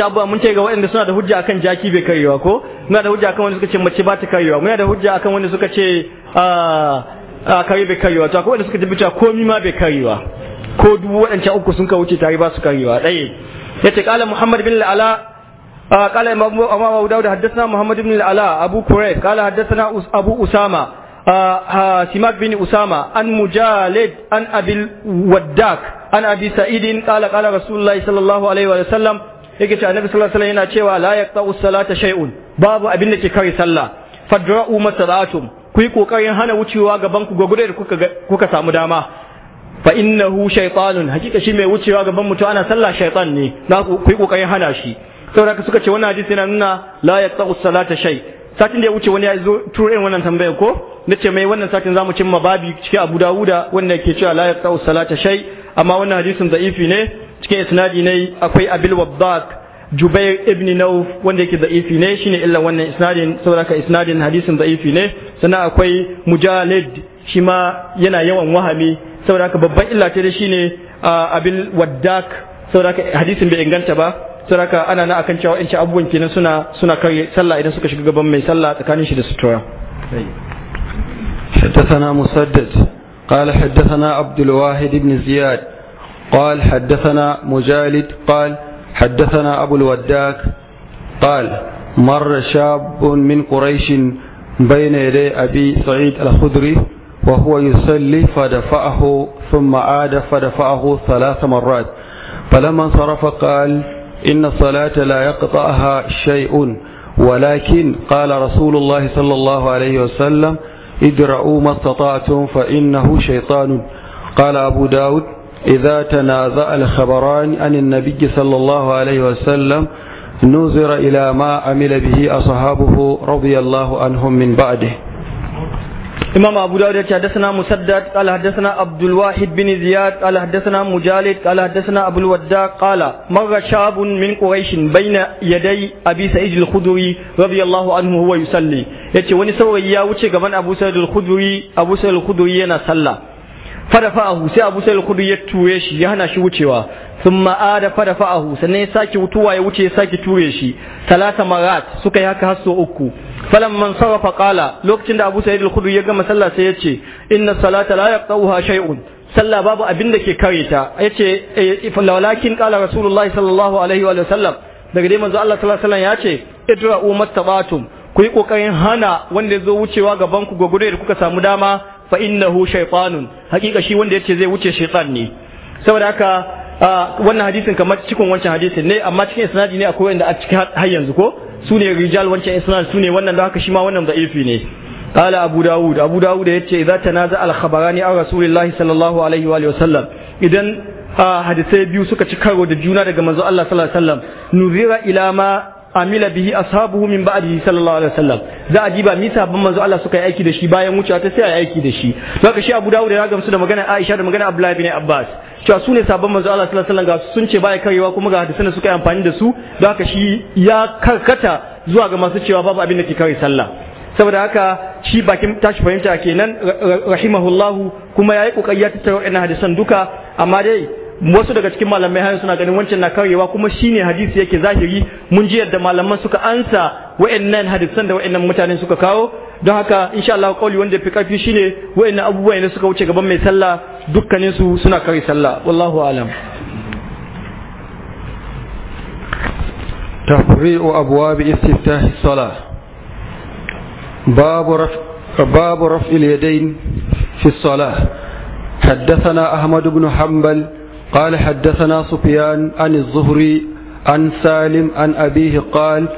abuwa mun ce ga wayanda suna da hujja akan jaki bai karyewa ko muna da hujja akan wanda suka ce mace ba ta karyewa muna da hujja akan wanda suka ce a kare bai karyewa to akwai wanda suka tabbata komi ma bai karyewa ko dubu wadancan uku sun ka wuce tare ba su karyewa ɗaya yace kala muhammad bin ala قال امام ابو داود حدثنا محمد بن العلاء ابو كريب قال حدثنا ابو اسامه سماك بن اسامه عن مجالد عن ابي الوداك عن ابي سعيد قال قال رسول الله صلى الله عليه وسلم yake ce annabi sallallahu alaihi wasallam yana cewa la yaqta'u salata shay'un babu abin da ke kare sallah fadra'u masallatum ku yi kokarin hana wucewa gaban ku gogure da kuka kuka samu dama fa innahu shaytanun hakika shi mai wucewa gaban mutum ana sallah shaytan ne na ku yi kokarin hana shi saboda haka suka ce wannan hadisi yana nuna la tsaku salata shay satin da ya wuce wani ya zo turo irin wannan tambayar ko ce mai wannan satin zamu cimma babi cikin Abu Dawuda wanda yake cewa la tsaku salata shay amma wannan hadisin da'ifi ne cikin isnadi ne akwai Abil Wabbak Jubair ibn Nauf wanda yake da'ifi ne shine illa wannan isnadin saboda haka isnadin hadisin da'ifi ne sannan akwai Mujalid shi ma yana yawan wahami saboda haka babban illa ta da shine ah, Abil Waddak saboda haka hadisin bai inganta ba saraka ana na akan cewa yanci abubuwan kenan suna suna kai sallah idan suka shiga gaban mai sallah tsakanin shi da sutura حدثنا مسدد قال حدثنا عبد الواحد بن زياد قال حدثنا مجالد قال حدثنا أبو الوداك قال مر شاب من قريش بين يدي أبي سعيد الخدري وهو يصلي فدفعه ثم عاد فدفعه ثلاث مرات فلما انصرف قال إن الصلاة لا يقطعها شيء ولكن قال رسول الله صلى الله عليه وسلم ادرؤوا ما استطعتم فإنه شيطان قال أبو داود إذا تنازع الخبران عن النبي صلى الله عليه وسلم نظر إلى ما عمل به أصحابه رضي الله عنهم من بعده إمام أبو داود حدثنا مسدد قال حدثنا عبد الواحد بن زياد قال حدثنا مجالد قال حدثنا أبو الوداع قال مر شاب من قريش بين يدي أبي سعيد الخدري رضي الله عنه هو يصلي yace wani saurayi ya wuce gaban Abu Sa'id al-Khudri Abu Sa'id al-Khudri yana sallah fadafa'ahu sai Abu Sa'id al ya ture shi ya hana shi wucewa thumma ada fadafa'ahu sannan ya sake wutuwa ya wuce ya ture shi talata marat suka yi haka har uku man sarrafa qala lokacin da Abu Sa'id al-Khudri ya gama sallah sai ya ce inna salata la yaqta'uha shay'un sallah babu abin da ke kare ta Ya ce eh, walakin qala rasulullahi sallallahu alaihi wa sallam daga dai manzo Allah sallallahu alaihi wa sallam idra'u mattabatum ku yi kokarin hana wanda ya zo wucewa gaban ku gogure da kuka samu dama fa innahu shaytanun hakika shi wanda yace zai wuce shaytan ne saboda haka ah, wannan hadisin kamar cikin wancan hadisin ne amma cikin sanadi ne akwai wanda a cikin har yanzu ko su ne rijal wancan isnad su ne wannan da haka shi ma wannan da'ifi ne qala abu daud abu daud yace idza tanaza al khabarani رسول الله sallallahu alaihi wa sallam idan إذن ah, hadisai biyu suka ci karo da juna daga manzo Allah sallallahu alaihi sallam nuzira ila ma amila bihi ashabuhu min ba'dih sallallahu alaihi wasallam za a jiba misa ban manzo Allah suka yi aiki da shi bayan wucewa ta sai a yi aiki da shi ka shi Abu Dawud ya gamsu da magana Aisha da magana Abdullah bin Abbas cewa su ne sabon manzo Allah sallallahu alaihi wasallam ga sun ce baya karewa kuma ga hadisan suka yi amfani da su don haka shi ya karkata zuwa ga masu cewa babu abin da ke kare sallah saboda haka shi bakin tashi fahimta kenan rahimahullahu kuma yayi kokari ya tattara wannan hadisan duka amma dai wasu daga cikin malamai har suna ganin wancan na karyewa kuma shi ne hadisi yake zahiri mun ji yadda malaman suka ansa wa'annan hadisan da wa'annan mutane suka kawo don haka insha Allah kauli wanda fi karfi shine wa'annan abubuwa ne suka wuce gaban mai sallah dukkanin su suna kare sallah wallahu alam تفريع أبواب استفتاح الصلاة باب رفع باب رفع اليدين في الصلاة حدثنا أحمد بن حنبل قال حدثنا سفيان عن الزهري عن سالم عن أبيه قال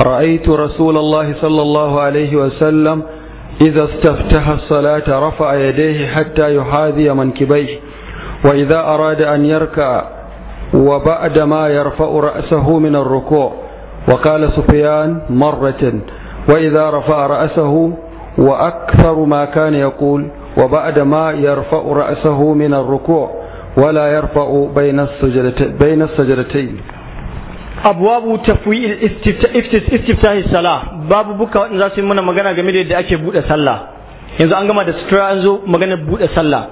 رأيت رسول الله صلى الله عليه وسلم إذا استفتح الصلاة رفع يديه حتى يحاذي منكبيه وإذا أراد أن يركع وبعد ما يرفع رأسه من الركوع وقال سفيان مرة وإذا رفع رأسه وأكثر ما كان يقول وبعد ما يرفع رأسه من الركوع ولا يرفع بين السجدتين بين السجدتين abwabu tafwi'il istiftahi salah babu buka wanda za su yi mana magana game da yadda ake bude sallah yanzu an gama da sutura an zo magana bude sallah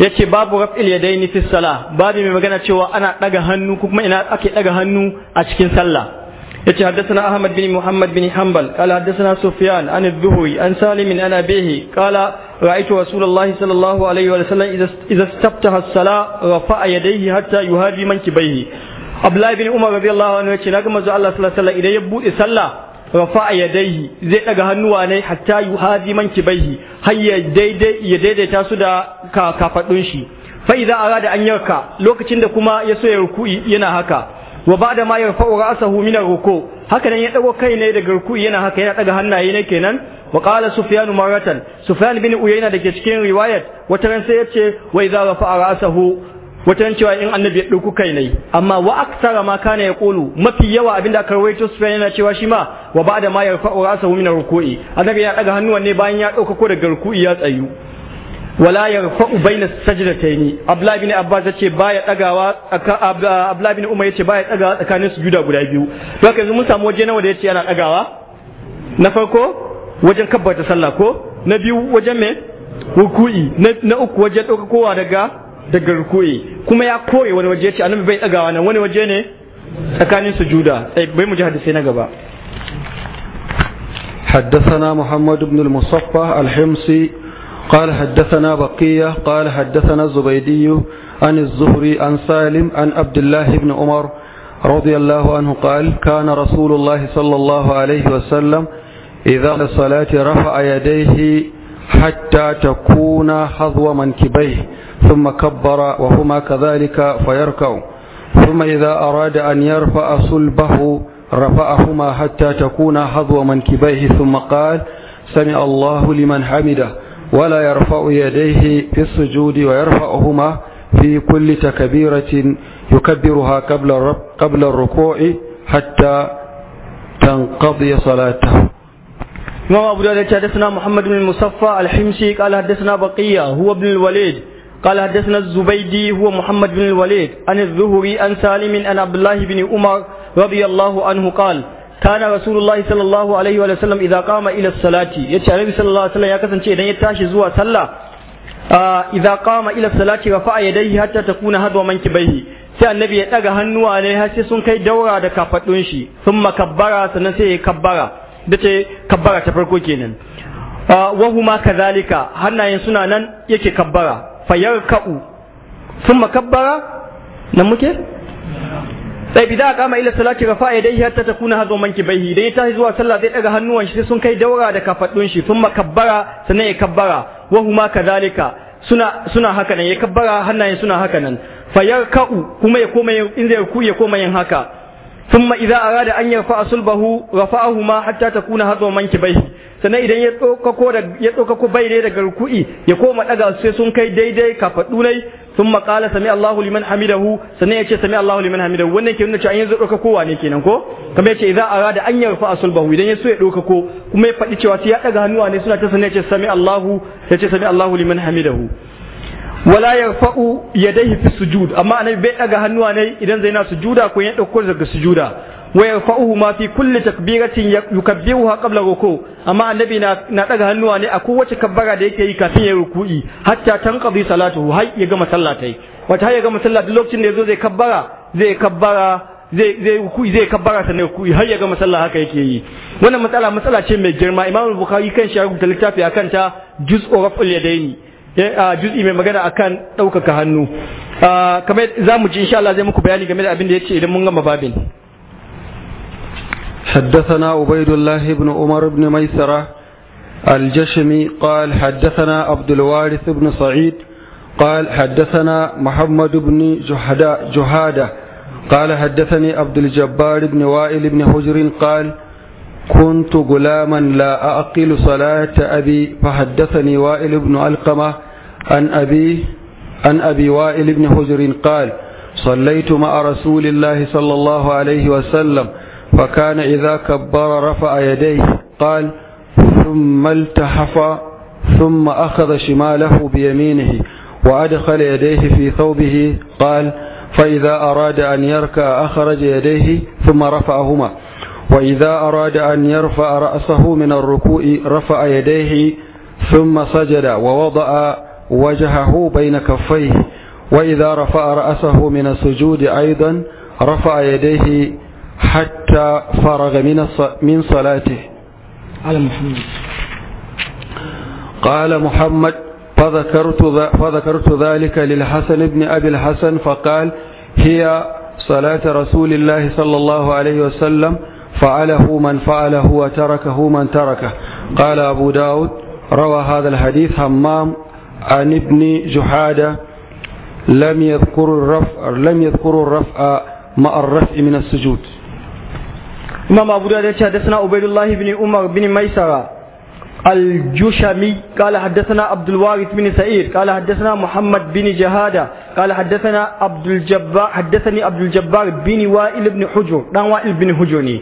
yace babu raf'il yadaini fi salah babu mai magana cewa ana daga hannu kuma ina ake daga hannu a cikin sallah يتي حدثنا أحمد بن محمد بن حنبل قال حدثنا سفيان عن الزهري عن سالم عن أبيه قال رأيت رسول الله صلى الله عليه وسلم إذا استفتح الصلاة رفع يديه حتى يهادي منكبيه Abdullahi bin Umar radiyallahu anhu yace naga manzo Allah sallallahu alaihi wasallam idan ya bude sallah rafa yadayhi zai daga hannuwa ne hatta yuhadi mankibaihi har ya daidai ya daidaita su da kafadun shi fa idza arada an yarka lokacin da kuma ya so ya ruku'i yana haka wa ba'da ma yarfa'u ra'sahu min ar-ruku haka nan ya dago kai ne daga ruku yana haka yana daga hannaye ne kenan wa qala sufyan maratan sufyan bin uyayna dake cikin riwayat wata ran sai yace wa idza rafa'a ra'sahu wata ran cewa in annabi ya dauku kai ne amma wa aksara ma kana ya kulu mafi yawa abinda aka rawaito sufyan yana cewa shi ma wa ba'da ma yarfa'u ra'sahu min ar ruku annabi ya daga hannuwan ne bayan ya dauka ko daga ruku'i ya tsayu wala yarfa'u ubaina sajdataini Abdullah ibn Abbas yace baya dagawa Abdullah ibn Umar yace baya dagawa tsakanin sujuda guda biyu to haka yanzu mun samu waje nawa da yace ana dagawa na farko wajen kabbata sallah ko na biyu wajen me ruku'i na uku wajen kowa daga daga ruku'i kuma ya kore wani waje yace annabi bai dagawa nan wani waje ne tsakanin sujuda eh, bai mu ji hadisi na gaba حدثنا محمد بن المصفى الحمصي قال حدثنا بقية قال حدثنا الزبيدي عن الزهري عن سالم عن عبد الله بن عمر رضي الله عنه قال كان رسول الله صلى الله عليه وسلم إذا الصلاة رفع يديه حتى تكون حظو منكبيه ثم كبر وهما كذلك فيركع ثم إذا أراد أن يرفع صلبه رفعهما حتى تكون حظو منكبيه ثم قال سمع الله لمن حمده ولا يرفع يديه في السجود ويرفعهما في كل تكبيرة يكبرها قبل قبل الركوع حتى تنقضي صلاته إمام أبو داود حدثنا محمد بن المصفى الحمشي قال حدثنا بقية هو ابن الوليد قال حدثنا الزبيدي هو محمد بن الوليد عن الزهري عن سالم عن عبد الله بن عمر رضي الله عنه قال kana rasulullahi sallallahu alaihi wa sallam idza qama ila salati yace annabi sallallahu alaihi wasallam ya kasance idan ya tashi zuwa sallah idza qama ila salati rafa'a yadayhi hatta takuna hadwa mankibaihi sai annabi ya daga hannuwa ne har sai sun kai daura da kafadun shi thumma kabbara sannan sai ya kabbara dace kabbara ta farko kenan wa huma kadhalika hannayen suna nan yake kabbara fayarka'u thumma sai a kama ila salati rafa yadayhi hatta kuna hazo manki baihi dai ta zuwa sallah zai daga hannuwan shi sun kai daura da kafaɗun shi sun makabbara sannan ya kabbara wa huma kadhalika suna suna haka nan ya kabbara hannayen suna haka nan fayarka'u kuma ya koma in zai ruku ya koma yin haka thumma idza arada an yarfa sulbahu ma hatta takuna hazo manki baihi sannan idan ya tsokako da ya tsokako bai dai daga ruku'i ya koma daga sai sun kai daidai kafaɗu sun maƙala sami Allahu liman hamidahu sannan ya ce sami Allahu liman hamidahu wannan ke nuna cewa an yanzu ɗauka kowa ne kenan ko kamar yace idza arada an yarfa asulbahu idan so ya ɗauka ko kuma ya faɗi cewa sai ya ɗaga hannuwa ne suna ta sannan ya ce sami Allahu ya ce sami Allahu liman hamidahu wala yarfa'u yadayhi fi sujud amma annabi bai ɗaga hannuwa ne idan zai na sujuda ko ya ɗauko daga sujuda wa yarfa'uhu ma fi kulli takbiratin yukabbiruha qabla ruku amma annabi na daga hannuwa ne a kowace kabbara da yake yi kafin ya ruku'i hatta tanqadi salatuhu har ya gama sallah tai wata har ya gama sallah duk lokacin zai kabbara zai kabbara zai zai ruku'i har ya gama sallah haka yake yi wannan matsala matsala ce mai girma Imam Bukhari kan shi ya rubuta littafi akan ta juz'u raf'ul yadaini juz'i mai magana akan ɗaukaka hannu kamar za mu ji insha Allah zai muku bayani game da abin da ya idan mun gama babin حدثنا عبيد الله بن عمر بن ميسرة الجشمي قال حدثنا عبد الوارث بن سعيد قال حدثنا محمد بن جهدا جهادة قال حدثني عبد الجبار بن وائل بن حجر قال كنت غلاما لا أعقل صلاة أبي فحدثني وائل بن ألقمة عن أبي عن أبي وائل بن حجر قال صليت مع رسول الله صلى الله عليه وسلم فكان إذا كبر رفع يديه قال ثم التحف ثم أخذ شماله بيمينه وأدخل يديه في ثوبه قال فإذا أراد أن يركع أخرج يديه ثم رفعهما وإذا أراد أن يرفع رأسه من الركوع رفع يديه ثم سجد ووضع وجهه بين كفيه وإذا رفع رأسه من السجود أيضا رفع يديه حتى حتى فرغ من من صلاته على محمد قال محمد فذكرت فذكرت ذلك للحسن بن أبي الحسن فقال هي صلاة رسول الله صلى الله عليه وسلم فعله من فعله وتركه من تركه قال أبو داود روى هذا الحديث همام عن ابن جحادة لم يذكر الرفع لم يذكر الرفع مع الرفع من السجود إمام أبو داود حدثنا عبيد الله بن عمر بن ميسرة الجشمي قال حدثنا عبد الوارث بن سعيد قال حدثنا محمد بن جهادة قال حدثنا عبد الجبار حدثني عبد الجبار بن وائل بن حجر دان وائل بن حجرني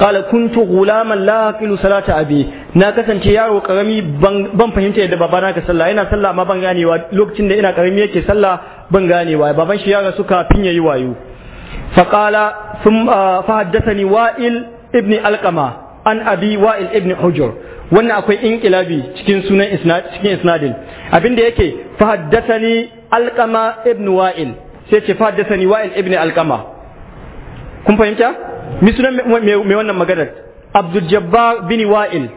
قال كنت غلاما لا أكل صلاة أبي na kasance yaro karami ban fahimta yadda babana ka sallah ina sallah amma ban ganewa lokacin da ina karami yake sallah ban ganewa baban shi yara suka finya yi wayo faqala فحدثني وائل ابن القمة عن abi وائل ابن حجر wannan akwai inkilabi cikin sunan cikin isnadin abin da yake fahaddathani alqama ibn wa'il sai ce fahaddathani wa'il ibn alqama kun fahimta mi sunan mai wannan maganar abdul jabbar bin wa'il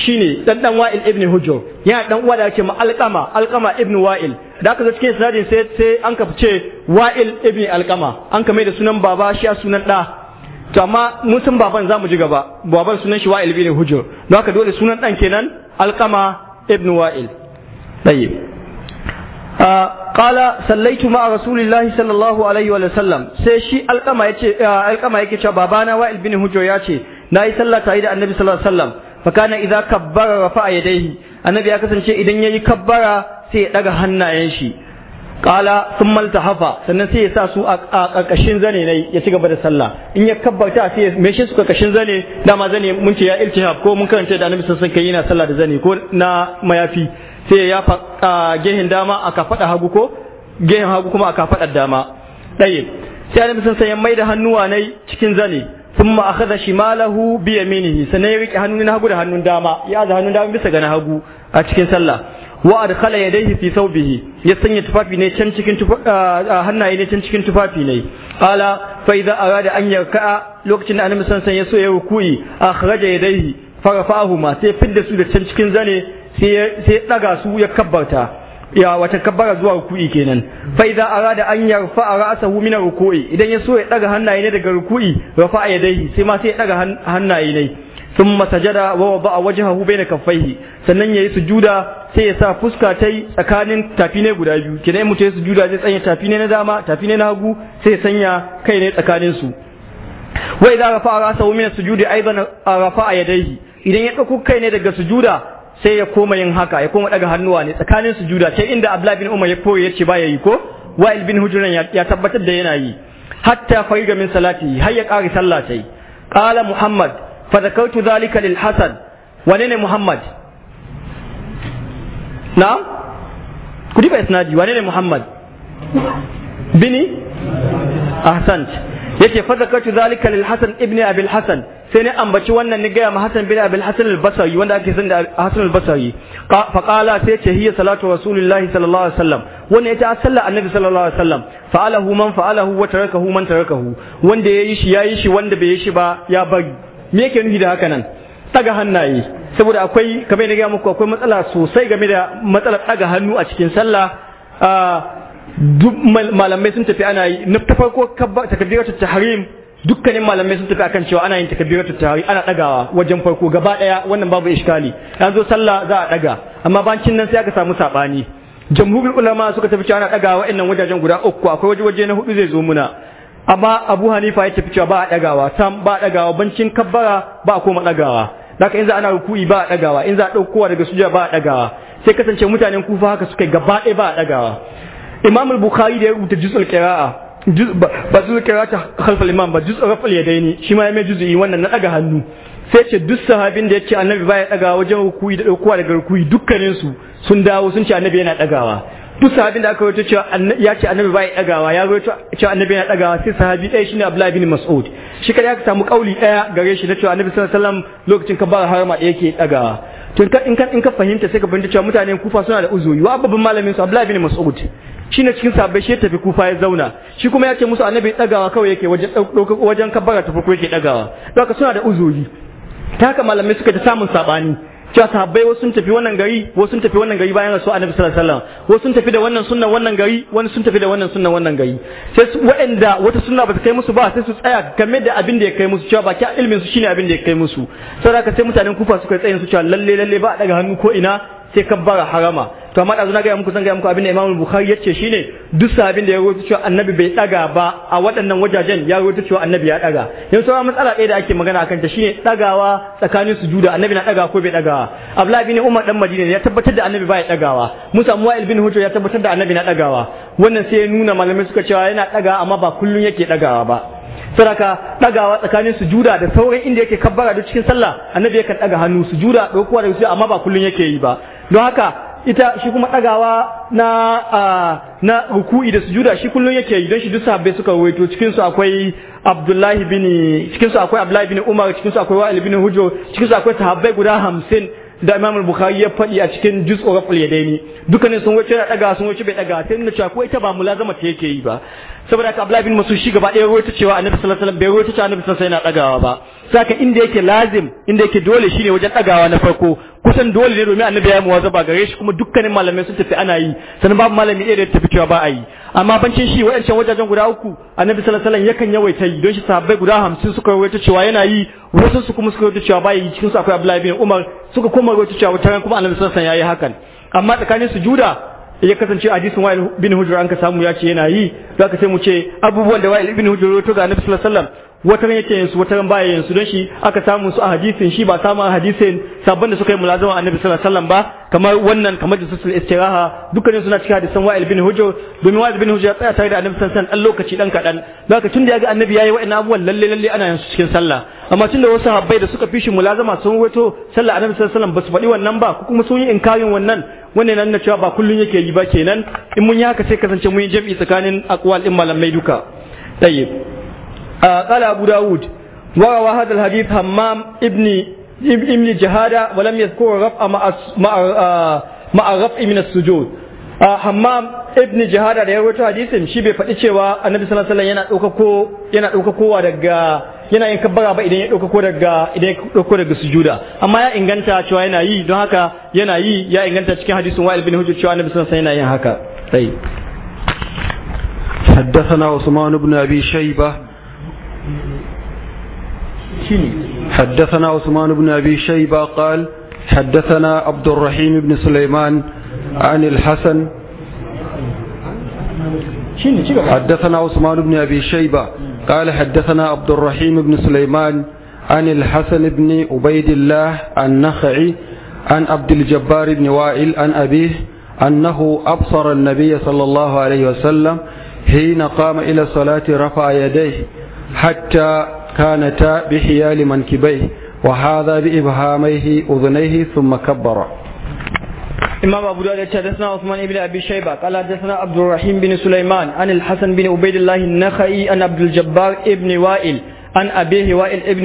shine dan dan wa'il ibn hujur yana dan uwa da ake ma alqama alqama ibn wa'il da aka cikin sinadin sai sai an ka ce wa'il ibn alqama an ka mai da sunan baba shi a sunan da to amma mun san baban za mu ji gaba baban sunan shi wa'il ibn hujur don haka dole sunan dan kenan alqama ibn wa'il tayyib قال صليت مع رسول الله صلى الله عليه وسلم sai shi alqama yace ah, alqama yake cewa babana wa'il bin hujur yace nayi sallah tare da annabi sallallahu alaihi wasallam fakana idza kabbara rafa'a yadayhi annabi ya kasance idan yayi kabbara sai ya daga hannayen shi qala thumma hafa sannan sai ya sa su a karkashin zane ne ya ci gaba da sallah in ya kabbarta sai ya meshe su karkashin zane dama zane mun ce ya iltihab ko mun karanta da annabi sallallahu alaihi yana sallah da zane ko na mayafi sai ya fa gehen dama aka fada hagu ko gehen hagu kuma aka fada dama ɗaya sai annabi sallallahu alaihi ya maida hannuwa na cikin zane shi malahu biya mini yaminihi sannan ya rike na hagu da hannun dama ya aza hannun dama bisa ga na hagu a cikin sallah wa ya daihi fi bihi ya sanya tufafi ne can cikin hannaye ne can cikin tufafi ne ala fa idza rada anyar ka'a lokacin da annabi san alaihi wasallam ya so ya ruku'i akhraja yadayhi farafa'ahuma sai fidda su da can cikin zane sai ya daga su ya kabarta. ya wata kabbara zuwa ruku'i kenan fa idza arada an yarfa ra'sahu min ruku'i idan ya so ya daga hannaye ne daga ruku'i rafa yadayhi sai ma sai ya daga hannaye ne thumma sajada wa wada'a wajhahu bayna kaffaihi sannan yayi sujuda sai ya sa fuska tai tsakanin tafi ne guda biyu kenan mutum ya sujuda zai tsanya tafi ne na dama tafi ne na hagu sai ya sanya kai ne tsakanin su wa idza rafa ra'sahu min sujudi aidan rafa yadayhi idan ya dauko kai ne daga sujuda sai ya koma yin haka ya koma daga hannuwa ne tsakanin sujuda sai inda Abdullah bin Umar ya koyi ce ba ya yi ko Wa'il bin Hujran ya tabbatar da yana yi hatta fariga min salati har ya kare sallah sai qala Muhammad fa zakartu zalika lil Hasan wane ne Muhammad na'am ku ba isnadi wane ne Muhammad bini ahsant yace fa zakatu zalika lil hasan ibn abil hasan sai ne ambaci wannan ni gaya ma hasan bin abil hasan al basri wanda ake san da hasan al basri fa qala sai yace hiya salatu rasulillahi sallallahu alaihi wasallam wannan yace salla annabi sallallahu alaihi wasallam alahu man alahu wa tarakahu man tarakahu wanda yayi shi yayi shi wanda bai yi shi ba ya bari me yake nufi da haka nan daga hannaye saboda akwai kamar da ga muku akwai matsala sosai game da matsalar daga hannu a cikin sallah ah, duk malamai sun tafi ana yi na farko farko takabiratu tahrim dukkanin malamai sun tafi akan cewa ana yin takabiratu tahrim ana dagawa wajen farko gaba daya wannan babu iskali an zo sallah za a daga amma bancin nan sai aka samu sabani jamhurul ulama suka tafi cewa ana dagawa wa'annan wajajen guda uku akwai waje waje na hudu zai zo muna amma Abu Hanifa ya tafi cewa ba a dagawa sam ba a dagawa bancin kabbara ba a koma dagawa daga in za ana ruku'i ba a dagawa in za a daukowa daga suja ba a dagawa sai kasance mutanen kufa haka suka gaba ɗaya ba a dagawa imam al-bukhari da ya rubuta juz'ul qira'a juz ba juz'ul qira'a khalf al imam ba juz'ul rafal yadaini shi ma ya mai juz'i wannan na daga hannu sai ce duk sahabin da yake annabi baya daga wajen rukui da daukowa daga rukui dukkanin su sun dawo sun ce annabi yana dagawa duk sahabin da aka rawaito cewa ya ce annabi baya dagawa ya rawaito cewa annabi yana dagawa sai sahabi ɗaya shine Abdullah bin Mas'ud shi kada aka samu kauli ɗaya gare shi na cewa annabi sallallahu alaihi wasallam lokacin kabbar harama da yake dagawa to in ka in ka fahimta sai ka fahimta cewa mutanen kufa suna da uzuri wa babban malamin su Abdullah bin Mas'ud shi ne cikin sabbai shi ya tafi kufa ya zauna shi kuma ya ce musu annabi dagawa kawai yake wajen wajen kabbara ta farko yake dagawa haka suna da uzuri ta haka malamai suka ta samun sabani cewa sabbai wasu sun tafi wannan gari wasu sun tafi wannan gari bayan rasu annabi sallallahu alaihi wasallam wasu sun tafi da wannan sunnan wannan gari wani sun tafi da wannan sunnan wannan gari sai waɗanda wata sunna ba ta kai musu ba sai su tsaya game da abin da ya kai musu cewa baki ilmin su shine abin da ya kai musu saboda sai mutanen kufa suka tsayin su cewa lalle lalle ba a daga hannu ko ina sai ka bara harama to amma dazu na gaya muku zan gaya muku abinda da Imam Bukhari yace shine duk sabin da ya rawaito cewa Annabi bai daga ba a waɗannan wajajen ya rawaito cewa Annabi ya daga yanzu sauran matsala ɗaya da ake magana akan ta shine dagawa tsakanin sujuda Annabi na daga ko bai daga Abdullahi bin Umar dan Madina ya tabbatar da Annabi bai dagawa Musa muwail bin Hujr ya tabbatar da Annabi na dagawa wannan sai ya nuna malamai suka cewa yana daga amma ba kullun yake dagawa ba suraka dagawa tsakanin sujuda da sauran inda yake kabbara duk cikin sallah annabi yakan daga hannu sujuda dokuwa da sujuda amma ba kullun yake yi ba don haka ita shi kuma dagawa na na ruku'i da sujuda shi kullun yake yi don shi duk sahabbai suka ruwaito cikin su akwai Abdullahi bin cikin su akwai Abdullahi bin Umar cikin su akwai Wa'il bin Hujr cikin su akwai sahabbai guda 50 da Imam Bukhari ya faɗi a cikin Juz'u Raful Yadaini dukkanin sun wuce daga sun wuce bai daga sai na cewa ko ita ba mulazama ta yake yi ba saboda ka abdullahi bin Mas'ud shi gaba ɗaya ruwaita cewa Annabi sallallahu alaihi wasallam bai ruwaita cewa Annabi sallallahu alaihi wasallam yana dagawa ba saka inda yake lazim inda yake dole shine wajen dagawa na farko kusan dole ne domin Annabi ya yi muwazaba gare shi kuma dukkanin malamai sun tafi ana yi sannan babu malami ɗaya da ya tafi cewa ba a yi amma bancin shi wayancan wajajen guda uku annabi sallallahu alaihi wasallam yakan yawaita yi don shi sahabbai guda hamsin suka rawaito cewa yana yi wasu su kuma suka rawaito cewa bai yi cikin su akwai Abdullahi bin Umar suka kuma rawaito cewa wata kuma annabi sallallahu alaihi wasallam yayi hakan amma tsakanin Juda ya kasance hadisin wa'il bin hujr an ka samu ya ce yana yi zaka sai mu ce abubuwan da wa'il bin hujr ya rawaito ga annabi sallallahu alaihi wasallam wata ran yake yansu wata ran baya yansu don shi aka samu su a hadisin shi ba samu a hadisin sabon da suka yi mulazama annabi sallallahu alaihi wasallam ba kamar wannan kamar da susul istiraha dukkanin suna cikin hadisan wa'il bin hujr domin wa'il bin hujr ya tsaya tare da annabi sallallahu alaihi wasallam dan lokaci dan kadan tun da ya ga annabi yayi wa'annan abubuwan lalle lalle ana yansu cikin sallah amma tun da wasu habbai da suka fishi mulazama sun wato sallah annabi sallallahu alaihi wasallam ba su faɗi wannan ba ko kuma sun yi inkarin wannan wannan nan na cewa ba kullun yake yi ba kenan in mun yi haka sai kasance mun yi jam'i tsakanin aqwal din malamai duka tayyib قال أبو داود وروى هذا الحديث همام ابن ابن جهادة ولم يذكر رفع مع مع من السجود hammam ibn jihada da ya rawaito hadisin shi bai faɗi cewa annabi sallallahu alaihi wasallam yana yana daga yana yin kabbara ba idan ya ɗaukako daga idan ya daga sujuda amma ya inganta cewa yana yi don haka yana yi ya inganta cikin hadisin wa'il bin hujjar cewa annabi sallallahu alaihi wasallam yana yin haka sai حدثنا عثمان بن أبي شيبة شيني حدثنا عثمان بن أبي شيبة قال حدثنا عبد الرحيم بن سليمان عن الحسن حدثنا عثمان بن أبي شيبة قال حدثنا عبد الرحيم بن سليمان عن الحسن بن عبيد الله النخعي عن عبد الجبار بن وائل عن أبيه أنه أبصر النبي صلى الله عليه وسلم حين قام إلى الصلاة رفع يديه حتى كانتا بحيال منكبيه وهذا بإبهاميه أذنيه ثم كبر إمام أبو داود حدثنا عثمان بن أبي شيبة قال حدثنا عبد الرحيم بن سليمان عن الحسن بن عبيد الله النخعي عن عبد الجبار بن وائل عن أبيه وائل ابن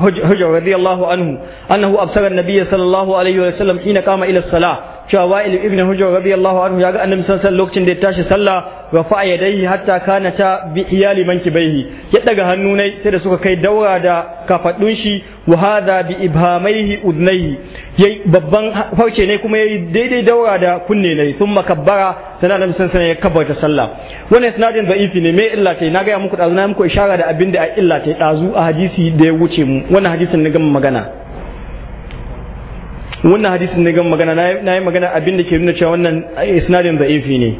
هجر رضي الله عنه أنه أبصر النبي صلى الله عليه وسلم حين قام إلى الصلاة cewa wa'il ibn hujr radiyallahu anhu ya ga annabi sallallahu lokacin da ya tashi sallah rafa yadayhi hatta kana ta bi iyali mankibaihi ya daga hannu sai da suka kai daura da kafaɗun shi wa hadha bi ibhamaihi udnaihi yayi babban farce ne kuma yayi daidai daura da kunne ne sun makabbara sana annabi sallallahu ya kabbata sallah wannan sanadin ifi ne me illa kai na ga muku dazu na muku ishara da abin da a illa kai dazu a hadisi da ya wuce mu wannan hadisin na gama magana wannan hadisin ne gan magana na yi magana abin da ke nuna cewa wannan isnadin ifi ne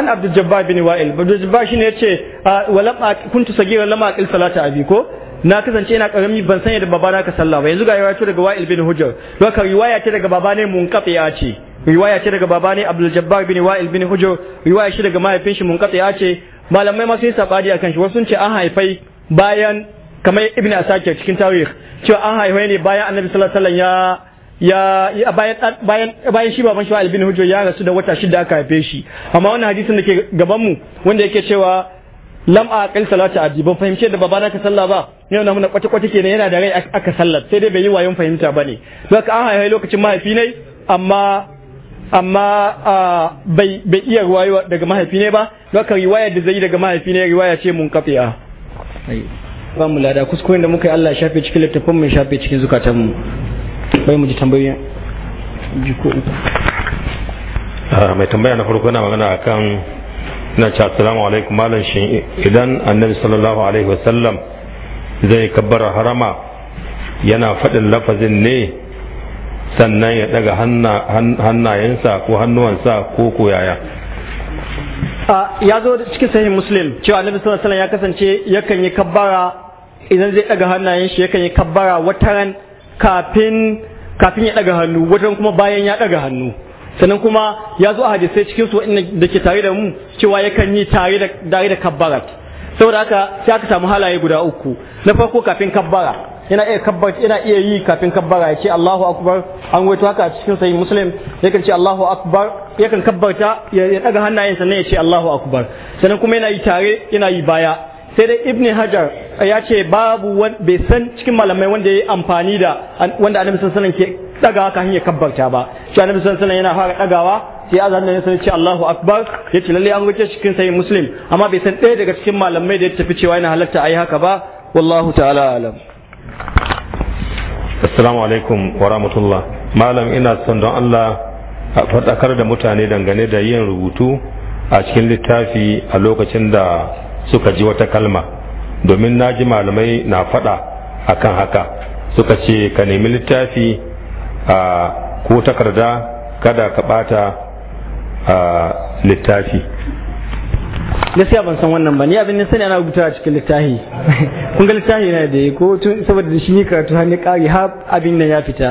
an abdul jabbar bin wa'il abdul jabbar shine yace walam kuntu sagira lama aqil salata abi ko na kasance ina karami ban sanya da babana ka sallah ba yanzu ga riwaya ce daga wa'il bin hujjar doka riwaya ce daga babane ya ce riwaya ce daga babane abdul jabbar bin wa'il bin hujjar riwaya ce daga mahaifin shi ya ce malamai ma sun yi sabadi akan shi wasu sun ce an haifai bayan kamar ibnu asakir cikin tarihi cewa an haifai ne bayan annabi sallallahu alaihi wasallam ya ya bayan bayan bayan shi baban Shu'aib bin hujjo ya rasu da wata shida aka haife shi amma wannan hadisin da ke gaban mu wanda yake cewa lam a kai salata abdi ban fahimce da babana ka sallah ba yau na muna kwata kwata kenan yana da rai aka sallar sai dai bai yi wayon fahimta bane ka an haife lokacin mahaifi ne amma amma bai bai iya riwaya daga mahaifi ne ba ka riwaya da zai daga mahaifi ne riwaya ce mun kafiya ba mu lada kuskuren da muka yi Allah shafe cikin littafin mai shafe cikin zukatan mu bai mu ji tambayoyin ah, mai tambaya na farko na magana akan na ce assalamu alaikum malam shi idan annabi sallallahu alaihi wasallam zai kabbara harama yana faɗin lafazin ne sannan ya daga hannayensa ko hannuwansa ko koyaya ya zo cikin sahih muslim cewa annabi sallallahu alaihi ya kasance yakan yi kabbara idan zai daga hannayen shi yakan yi kabbara wataran kafin kafin ya daga hannu wataran kuma bayan ya daga hannu sannan kuma ya zo a hadisai cikin su da ke tare da mu cewa yakan yi tare da dare da kabbara saboda haka sai aka samu halaye guda uku na farko kafin kabbara yana iya kabbar yana iya yi kafin kabbara ya ce Allahu akbar an wato haka a cikin sahih muslim yakan ce Allahu akbar yakan kabbarta ya daga hannayen sannan ya ce Allahu akbar sannan kuma yana yi tare yana yi baya sai dai ibn hajar ya ce babu bai san cikin malamai wanda ya yi amfani da wanda annabi sallallahu alaihi wasallam ke daga kan ya kabbarta ba shi annabi sallallahu alaihi wasallam yana fara dagawa sai azan nan sai ce Allahu Akbar ya ce lalle an wuce cikin sai Muslim amma bai san ɗaya daga cikin malamai da ya tafi cewa yana halatta ayi haka ba wallahu ta'ala alam assalamu alaikum wa rahmatullah malam ina son don Allah a faɗakar da mutane dangane da yin rubutu a cikin littafi a lokacin da suka ji wata kalma domin na ji malamai na faɗa akan haka suka ce ka nemi littafi a ko takarda kada ka ɓata a littafi gaskiya ban san wannan ba ni abin da sani ana rubuta a cikin littafi kun ga littafi yana da ko tun saboda shi ne karatu har ne kare har abin nan ya fita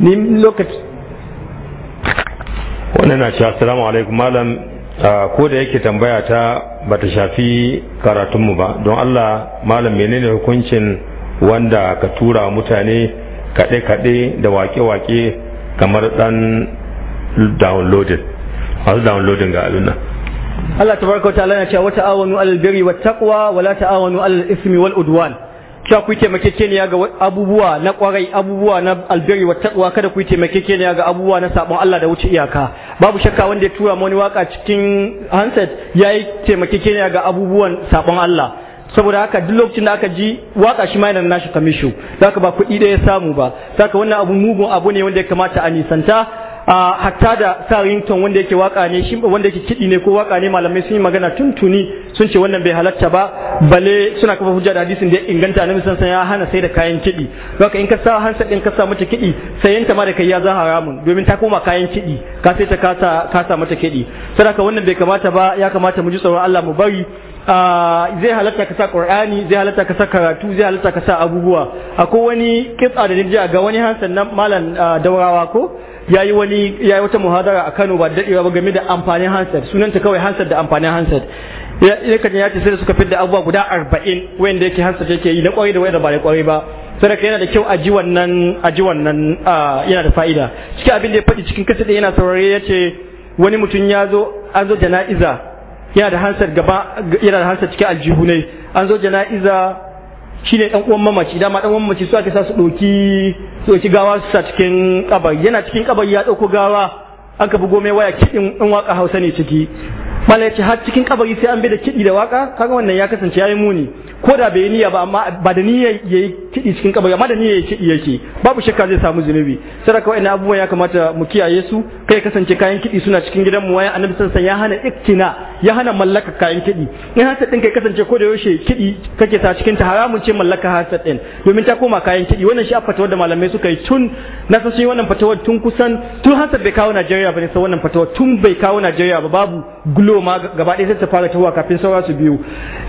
ni lokaci wannan na ce assalamu alaikum malam ko da yake tambaya ta bata shafi karatunmu ba don Allah malam menene hukuncin wanda ka tura mutane kaɗe-kaɗe da wake-wake kamar dan downloaded masu downloading ga abin nan Allah tabaraka ta'ala yana cewa wata awanu alal birri wat taqwa wa la ta'awanu alal ismi wal udwan cewa ku ne ga abubuwa na kwarai abubuwa na albirri wa taqwa kada ku ne ga abubuwa na sabon Allah da wuce iyaka babu shakka wanda ya tura wani waka cikin handset yayi ne ga abubuwan sabon Allah saboda haka duk lokacin da aka ji waka shi ma yana nashi kamishu zaka ba kuɗi da ya samu ba zaka wannan abu mugun abu ne wanda ya kamata a nisanta a hatta da sa rington wanda yake waka ne shi wanda yake kidi ne ko waka ne malamai sun yi magana tuntuni sun ce wannan bai halatta ba bale suna kafa hujja da hadisin da inganta na san ya hana sai da kayan kidi haka in ka sa hansa din ka sa mata kidi ta ma da kai ya za haramun domin ta koma kayan kidi ka sai ta kasa kasa mata kidi saboda wannan bai kamata ba ya kamata mu ji tsoron Allah mu bari zai halatta ka sa qur'ani zai halatta ka sa karatu zai halatta ka sa abubuwa akwai wani kitsa da nibja ga wani hansan nan malam daurawa ko yayi wani yayi wata muhadara a Kano ba dadewa ba game da amfanin hansar sunanta kawai hansar da amfanin hansar ya kan ya ce sai suka fidda abubuwa guda 40 wanda yake hansar yake yi na kwarai da wanda ba da kwarai ba sadaka yana da kyau a ji wannan a ji wannan yana da fa'ida cikin abin da ya faɗi cikin kasa yana saurare ya ce wani mutum ya zo an zo jana'iza yana da hansar gaba yana da hansar cikin aljihu ne an zo jana'iza shine dan uwan mamaci dama dan uwan mamaci su ake sa su doki su doki gawa su sa cikin kabari yana cikin kabari ya dauko gawa an ka bugo mai waya kiɗin ɗan waka Hausa ne ciki mala ce har cikin kabari sai an bi da kiɗi da waka kaga wannan ya kasance yi muni ko da bai niyya ba amma ba da niyya yayi kiɗi cikin kabari amma da niyya yayi kiɗi yake babu shakka zai samu zunubi sadaka wa'annan abubuwan ya kamata mu kiyaye su kai kasance kayan kiɗi suna cikin gidan mu wayan annabi sallallahu ya hana iktina ya hana mallaka kayan kiɗi in hasad din kai kasance ko da yaushe kiɗi kake sa cikin ta haramun ce mallaka hasad din domin ta koma kayan kiɗi wannan shi a fatawar da malamai suka yi tun na san shi wannan fatawar tun kusan tun hasad bai kawo Najeriya ba sai wannan fatawar tun bai kawo Najeriya ba babu glo fiƙihu ma gaba ɗaya sai ta fara tawa kafin sauran su biyu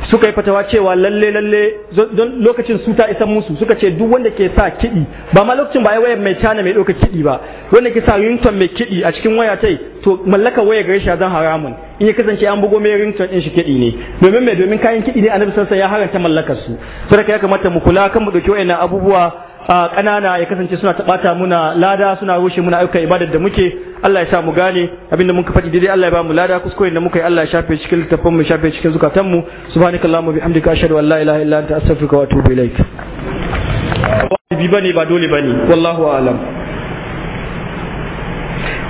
suka yi fatawa cewa lalle lalle don lokacin su ta isa musu suka ce duk wanda ke sa kiɗi ba ma lokacin ba wayar mai tana mai ɗauka kiɗi ba wanda ke sa rington mai kiɗi a cikin waya tai to mallaka waya gare shi zan haramun in ya kasance an bugo mai rington ɗin shi kiɗi ne domin mai domin kayan kiɗi ne annabi sassan ya haranta mallakar su saboda ya kamata mu kula kan mu ɗauki wayannan abubuwa kanana ya kasance suna tabata muna lada suna rushe muna ayyukan ibadar da muke Allah ya sa mu gane abinda muka faɗi daidai Allah ya ba mu lada kuskure da muka yi Allah ya shafe cikin littafin mu shafe cikin zukatan mu subhanakallahumma bihamdika ashhadu an la ilaha illa anta astaghfiruka wa atubu ilaik wajibi ba dole bane wallahu a'lam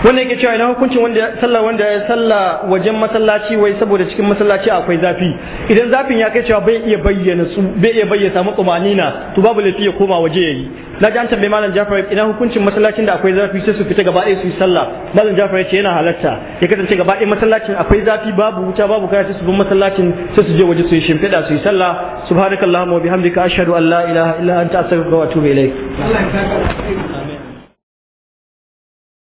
wanda yake cewa ina hukuncin wanda sallah wanda ya sallah wajen masallaci wai saboda cikin masallaci akwai zafi idan zafin ya kai cewa bai iya bayyana su bai iya bayyana samu kumanina to babu laifi ya koma waje yayi na ji an tambaye malam Jafar ina hukuncin masallacin da akwai zafi sai su fita gaba ɗaya su yi sallah malam Jafar ce yana halatta ya kasance gaba ɗaya masallacin akwai zafi babu wuta babu kaya su bin masallacin sai su je waje su yi shimfiɗa su yi sallah subhanakallahumma wa bihamdika ashhadu an la ilaha illa anta astaghfiruka wa atubu ilaik